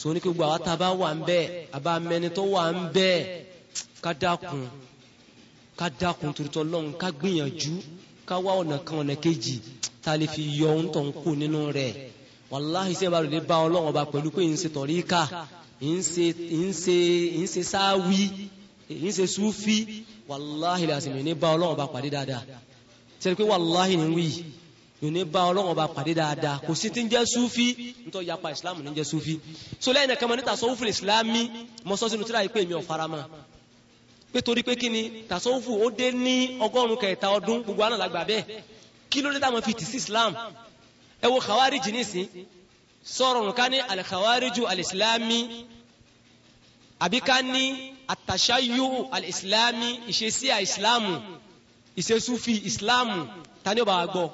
so ní kí gbogbo àwa tá a bá wà ń bẹ́ẹ̀ a bá mẹ́ni tó wà ń bẹ́ẹ̀ ká dákun ká dákun torítọ́ lọ́hùn ká gbìyànjú ká wá ọ̀nà kan ọ̀nà kejì tá a lè fi yọ ohun tó ń kú nínú rẹ̀ wàláhi sẹ́yìn bá lòdì bá ọlọ́run ọba pẹ̀lú pé ń ṣe tọ̀ríkà ń ṣe ń ṣe ń ṣe sáwí ń ṣe súfí wàláhi làsìmì ní bá ọlọ́run ọba pé wàláhi ni wí yóò ní bá ọlọ́wọ́n bá pàdé dáadáa kò sí ti ń jẹ́ sufi nítorí yapa islam ní jẹ́ sufi so lẹ́yìn náà kama ní tasawufu islami mọ́sọ́sí ní tíra ìpè mi ò farama pé torí pé kí ni tasawufu ó dé ní ọgọ́rùn kẹta ọdún gbogbo àná làgbà bẹ́ẹ̀ kí ló dé táwọn fi tì sí islam ẹ wo khawariji nísìn sọ̀rọ̀ nǹkan ní al-khawariju al-islami àbí ká ní àtàṣáyù al-islami ìṣesí à ìsìlámù ìṣesúfi ìsìlámù tani ó bá gbọ́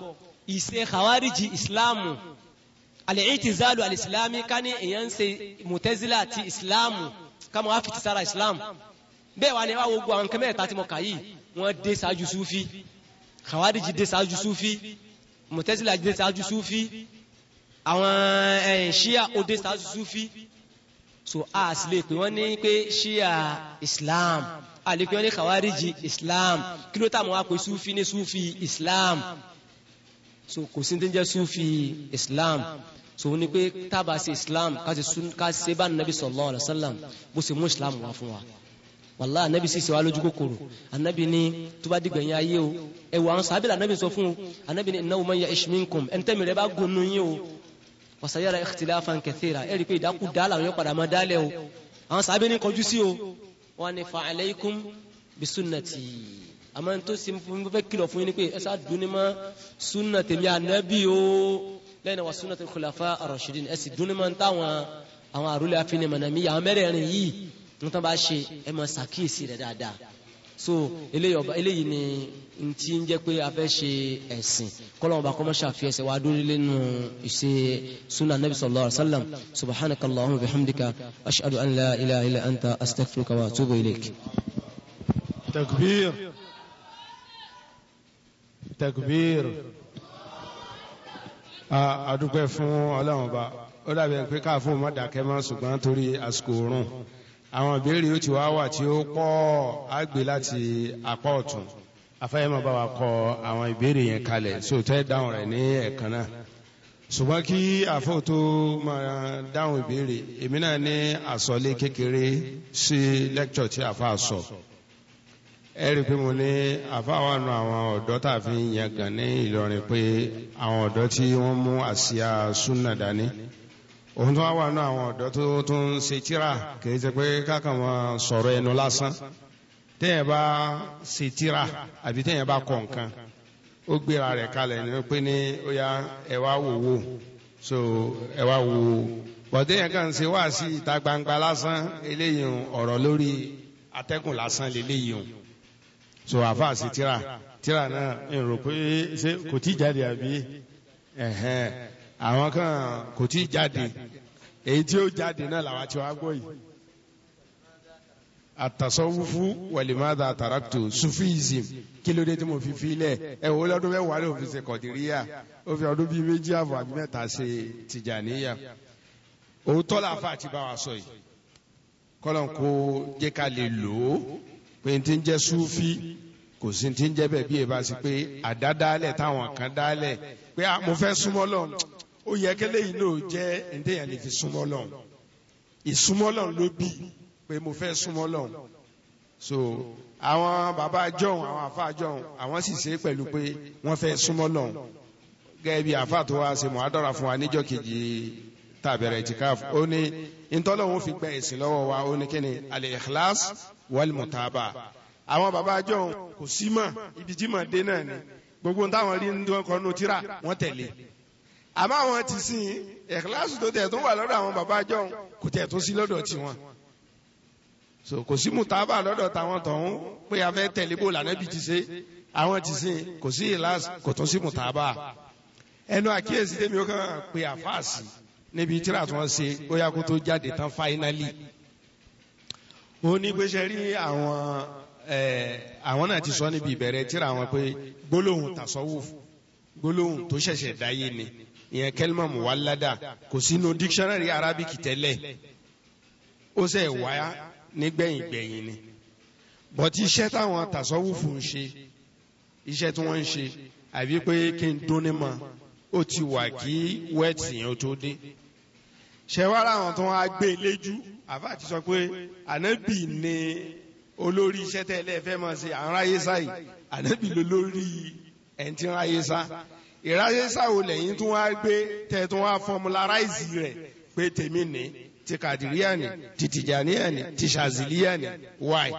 ìṣe khawariji ìsìláàmù al-i'tizalu al-islami ká ní èèyàn ń ṣe mutazila ti ìsìláàmù ká mọ̀ á fìtì sára ìsìláàmù bẹ́ẹ̀ wà ní wàá wogbó àwọn kẹ́mẹ́ẹ̀ta tí mo kà yìí wọ́n dé ṣáájú súfí khawariji dé ṣáájú súfí mutazila dé ṣáájú súfí àwọn ṣíà eh, ó dé ṣáájú súfí so a sì lè pè wọ́n ní pé islam a lè khawariji islam kí ló tà mọ́ àpè súfí ní súfí islam. islam so kò sí ní jẹ́ sufi islam so ní pé tábà sí islam ká ṣe bá nàbí sallallahu alaihi wasallam bó ṣe mú islam wá fún wa wàlá anabi sì ṣe wá lójú kòkòrò anabi ni tó bá dìgbà yín ayé o ẹ wò àwọn sábẹ́lẹ̀ anabi sọ fún o anabi ni innahu man ya'ish minkum ẹ̀ńtẹ́mi rẹ bá gùn yín o wa sayara ikhtilafan kathira ẹ rí i pé ìdákù dáàlà yóò padà máa dálẹ̀ o àwọn sábẹ́ ní kọjú sí o wọn ni fa alaykum bisunnati àmọ́ n tó sin fún mi fẹ́ kìlọ̀ fún yín ni pé ẹ sáà dunni ma sunna tèmi ànábì o lẹ́yìn náà wà sunna tèmi khulafa ar-rashidin ẹ sì dunni ma n táwọn àwọn àrùlé afinimọ̀nàmí àwọn mẹ́rẹ̀ẹ̀rin yìí n tán bá ṣe ẹ máa ṣàkíyèsí rẹ̀ dáadáa so eléyìí ọba eléyìí ni n ti ń jẹ́ pé a fẹ́ ṣe ẹ̀sìn kọ́lọ́mù ọba kọ́mọ́ ṣàfihàn ẹsẹ̀ wa dúró lẹ́nu ìṣe sunan nabi sallallahu alayhi wa sallam subhanaka allahumma bihamdika ashhadu an ilaha illa anta astaghfiruka wa atubu ilayk. takbir takbir àdúpẹ́ fún ọlọ́run ba ó dàbí pé káàfó má dákẹ́ má ṣùgbọ́n torí àsìkò oorun àwọn ìbéèrè ó ti wá wà tí ó pọ̀ àgbè láti apá ọ̀tún afẹ́yẹ́mọ̀ bá wa kọ àwọn ìbéèrè yẹn kalẹ̀ sí òtẹ́ dáhùn rẹ̀ ní ẹ̀kan náà ṣùgbọ́n kí àfọ́ tó máa dáhùn ìbéèrè èmi náà ní àsọlé kékeré sí lẹ́kítọ̀ tí àfa sọ ẹ̀rí pé mo ní àfáwọnù àwọn ọ̀dọ́ tàbí yẹn gan ní Ìlọrin pé àwọn ọ̀dọ́ tí wọ́n mú àsíá súnà dání òun tó wà nù àwọn ọ̀dọ́ tó tó ń ṣe tíra kìí ṣe pé kákan wọn sọ̀rọ̀ ẹnu lásán téèyàn bá ṣe tíra àbí téèyàn bá kọ nǹkan ó gbéra rẹ̀ kalẹ̀ ní pé ní ó yá ẹ wá so ẹ wá wò wò bọ̀déèyàn kan ṣe wá sí ìta gbangba lásán eléyìí ọ̀rọ̀ lórí atẹ́kùn lásán lélẹ́yìí so àfa àti tíra tíra náà ń rò pé ṣé kò tí jáde àbí ẹ̀hẹ́n àwọn kan kò tí jáde èyí tí ó jáde náà làwọn àti wá gbọ́ yìí àtàsọ́wúfú wàlìmáàdà àtàràtò sufism kí ló dé tí mo fi filẹ̀ ẹ wò lọ́dún mẹ́wàá ló fi ṣe kọ̀dìríyà ó fi ọdún bíi méjì àbọ̀ àbí mẹ́ta ṣe tìjàníyà òótọ́ làáfà àti bá wa sọ yìí kọ́lọ́n kó jẹ́ ká lè lò ó pé n ti ń jẹ́ súfì kò sí ti ń jẹ́ bẹ́ẹ̀ bí eba sí pé àdádálẹ̀ táwọn kan dálẹ̀ pé ah, mo fẹ́ súnmọ́ lọ́n ó yẹ kẹ́lẹ́ yìí náà jẹ́ n téèyàn lè fi súnmọ́ lọ́n ìsúnmọ́ lọ́n ló bí pé mo fẹ́ súnmọ́ lọ́n so àwọn bàbá john àwọn àfa john àwọn sì ṣe pẹ̀lú pé wọ́n fẹ́ súnmọ́ lọ́n gẹ́gẹ́ bí àfa tó wá ṣe mọ̀ádọ́ra fún wa níjọ́ kejì tàbẹ̀rẹ̀ ìtìkáf ó ní ntọ́lọ́wọ́n fi gbẹ ìsìn lọ́wọ́ wa ó ní kíni al-ikhlas wọlmùtàbà àwọn bàbá àjọ kò sí mọ ibi jimá dé náà ni gbogbo táwọn rí ní ọkọ nù tíra wọn tẹ̀lé àmọ́ àwọn ti sìn ẹkíláàsì tó tẹ tó wà lọ́dọ̀ àwọn bàbá àjọ kò tẹ tó sí lọ́dọ̀ tiwọn so kò sí mùtàbà lọ́dọ̀ táwọn tọ̀hún pé a fẹ́ tẹ̀lé bó lànà bí ti ṣe àwọn ti sìn kò sí ìlàsì kò tún sí mùtàbà ẹnu àkíyèsí tèmi ó kàn pé àfáàsì níbi tíra tí wọ́n ṣe ó yá kó tó jáde tán fáínálì ó ní pé ṣe rí àwọn àwọn náà ti sọ níbi ìbẹ̀rẹ̀ tíra àwọn pé gbólóhùn tasawuf gbólóhùn tó ṣẹ̀ṣẹ̀ dáyé ni ìyẹn kẹlímọ̀ muwallada kò sínú dictionary arabic tẹ́lẹ̀ ó sẹ̀ wáyà nígbẹ̀yìn gbẹ̀yìn ni bọ̀tí iṣẹ́ táwọn tasawufu ń ṣe iṣẹ́ tí wọ́n ń ṣe àbí pé kí n dún ní mọ́ ó ti wà kí wẹ́ẹ̀tì yẹn ó tó dé ṣẹ̀wárà àwọn tó wá gbé e léjú àfa ti sọ pé ànábì ni olórí iṣẹ́ tẹ́ ẹlẹ́fẹ́ máa ṣe à ń ráyé sáyì ànábì ló lórí ẹ̀ ń ti ráyé sá ìráyé sáwò lẹ́yìn tó wá gbé tẹ́ tó wá fọmúláráìsì rẹ̀ pé tèmi ní ti kàdìríà ní ti tìjàníà ní ti ṣàzìlíà ní wáì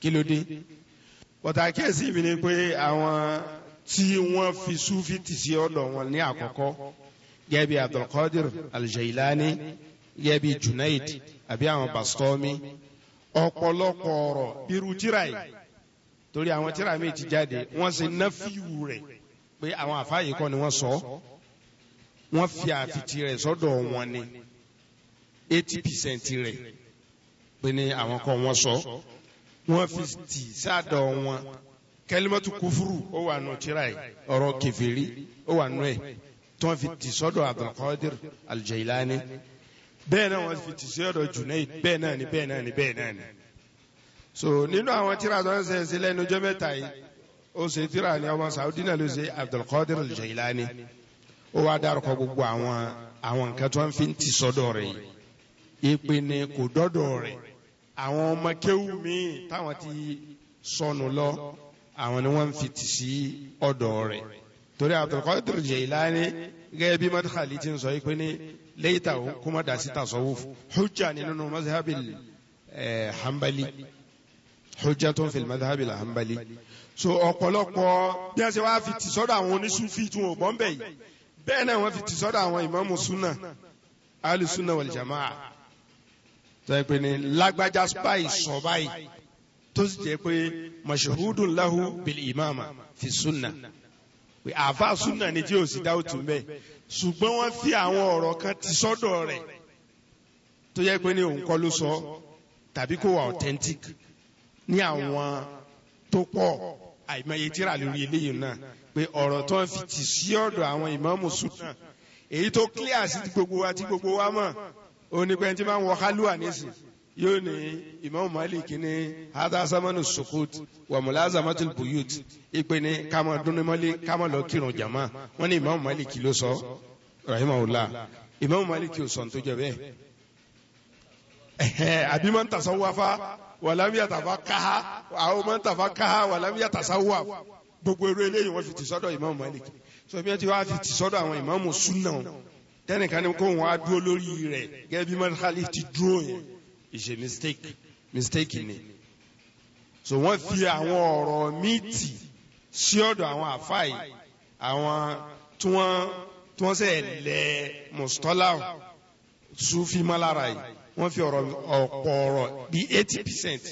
kí ló dé pàtàkì ẹ̀sìn mi ni pé àwọn tí wọ́n fi súfì tì sí ọ̀dọ̀ wọn ní àkọ́kọ́ gẹ́gẹ́ Abdulkadir Al-Jailani yẹ bí Junaid àbí àwọn Bastomi ọ̀pọ̀lọpọ̀ ọ̀rọ̀ irú tíra yìí torí àwọn tíra mi ti jáde wọ́n ṣe náfíù rẹ̀ pé àwọn àfáàyè kọ́ ni wọ́n sọ wọ́n fi àfitì rẹ̀ sọ́dọ̀ wọn ni eighty percent rẹ̀ pé ní àwọn kan wọ́n sọ wọ́n fi tì sádọ̀ wọn kẹlímọ́tù kúfúrú ó wà nù tíra yìí ọ̀rọ̀ kẹfìrí ó wà nù ẹ̀ tí wọ́n fi tì sọ́dọ̀ Abdulkadir al bẹ́ẹ̀ náà wọ́n fi ti sí ọ̀dọ̀ Junaid bẹ́ẹ̀ náà ni bẹ́ẹ̀ náà ni bẹ́ẹ̀ náà ni. so nínú àwọn tíra tó ń ṣe ṣe lẹ́nu ọjọ́ mẹ́ta yìí ó ṣe tíra ní ọmọ Saudi náà ló ṣe Abdulkadir al-Jailani ó wá dárúkọ gbogbo àwọn àwọn nǹkan tó ń fi ti sọ́dọ̀ rẹ̀ yìí ìpinnu kò dọ́dọ̀ rẹ̀ àwọn ọmọ kéwù míì táwọn ti sọnù lọ àwọn ni wọ́n fi ti sí ọ̀dọ̀ rẹ̀ torí Abdulkadir al gẹ́gẹ́ bí madkhali lẹ́yìntà o kuma dasi tasawuf hujja ni nínú mazhabil ẹẹ hanbali hujja tó ń fi mazhabil hanbali so ọ̀pọ̀lọpọ̀ bí wọ́n ṣe wá fi ti sọ́dọ̀ àwọn oníṣúfì tí wọ́n gbọ́n bẹ̀ yìí bẹ́ẹ̀ náà wọ́n fi ti sọ́dọ̀ àwọn ìmáàmù súnà alu súnà jamaa tó yẹ pé ní lágbájá báyìí sọ báyìí tó sì lahu bil imama fi súnà àfa súnà ni tí ò sí dáwùtù mbẹ ṣùgbọ́n wọ́n fi àwọn ọ̀rọ̀ kan ti sọ́dọ̀ rẹ̀ tó yẹ pé ní òun kọ́ ló sọ tàbí kó wà authentic ní àwọn tó pọ̀ àìmọye tíra lórí eléyìí náà pé ọ̀rọ̀ tó ń fi tì sí ọ̀dọ̀ àwọn ìmáàmù súnà èyí tó clear sí gbogbo wa tí gbogbo wa mọ̀ onípẹ́ntì máa ń wọ hálùwà nísìnyí yóò ní imam malik ní hadasamanu sukut wa mulazamatul buyut ipe ní kama dunimali kama lọ kírun jama wọn ní imam malik ló sọ rahimahullah imam malik ò sọ tó jẹ bẹ́ẹ̀ àbí máa ń tasawwafa wàlámì àtàfà káha àwọn máa ń tàfà káha wàlámì àtàsáwà gbogbo eré eléyìí wọn fi ti sọ́dọ̀ imam malik so bí wọn ti wá fi ti sọ́dọ̀ àwọn imam sunna tẹnìkan ni kó wọn á dúró lórí rẹ̀ gẹ́gẹ́ bí ti dúró yẹn. Is a mistake mistake ni so wọ́n fi àwọn ọ̀rọ̀ míì tì sí ọ̀dọ̀ àwọn àfáà yìí àwọn tí wọ́n tí wọ́n sẹ̀ lẹ̀ mùsùtọ́lá sufi malara yìí wọ́n fi ọ̀rọ̀ ọ̀pọ̀ ọ̀rọ̀ bí eighty percent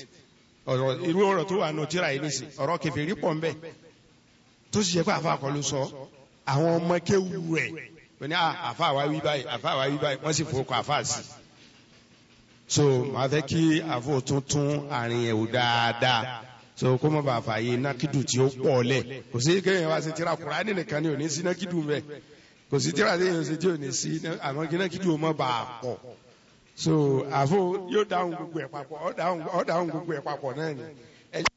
ọ̀rọ̀ irú ọ̀rọ̀ tó wà nù tíra yìí nìsí ọ̀rọ̀ kẹfìrí pọ̀ nbẹ tó sì yẹ kó àfa kọ́ ló sọ àwọn ọmọ kéwu rẹ̀ wọ́n ní ah, àfa àwa wí báyìí àfa àwa wí báyìí wọ́n sì fowó kọ́ àfa sí i so màá fẹ́ kí àfọ̀ tuntun àrìn yẹn dáadáa so kó má bàa fà yé nákìdù tí ó pọ̀ lẹ̀ kò sí kéèyàn wá sí tíra Kùránì nìkan ni ò ní sí nákìdù mẹ́ kò sí tíra tí èèyàn ṣe tí ò ní sí àmọ́ kí nákìdù ó má bàa pọ̀ so àfọ̀ yóò dáhùn gbogbo ẹ̀ papọ̀ ọ̀ dáhùn gbogbo ẹ̀ papọ̀ náà ni.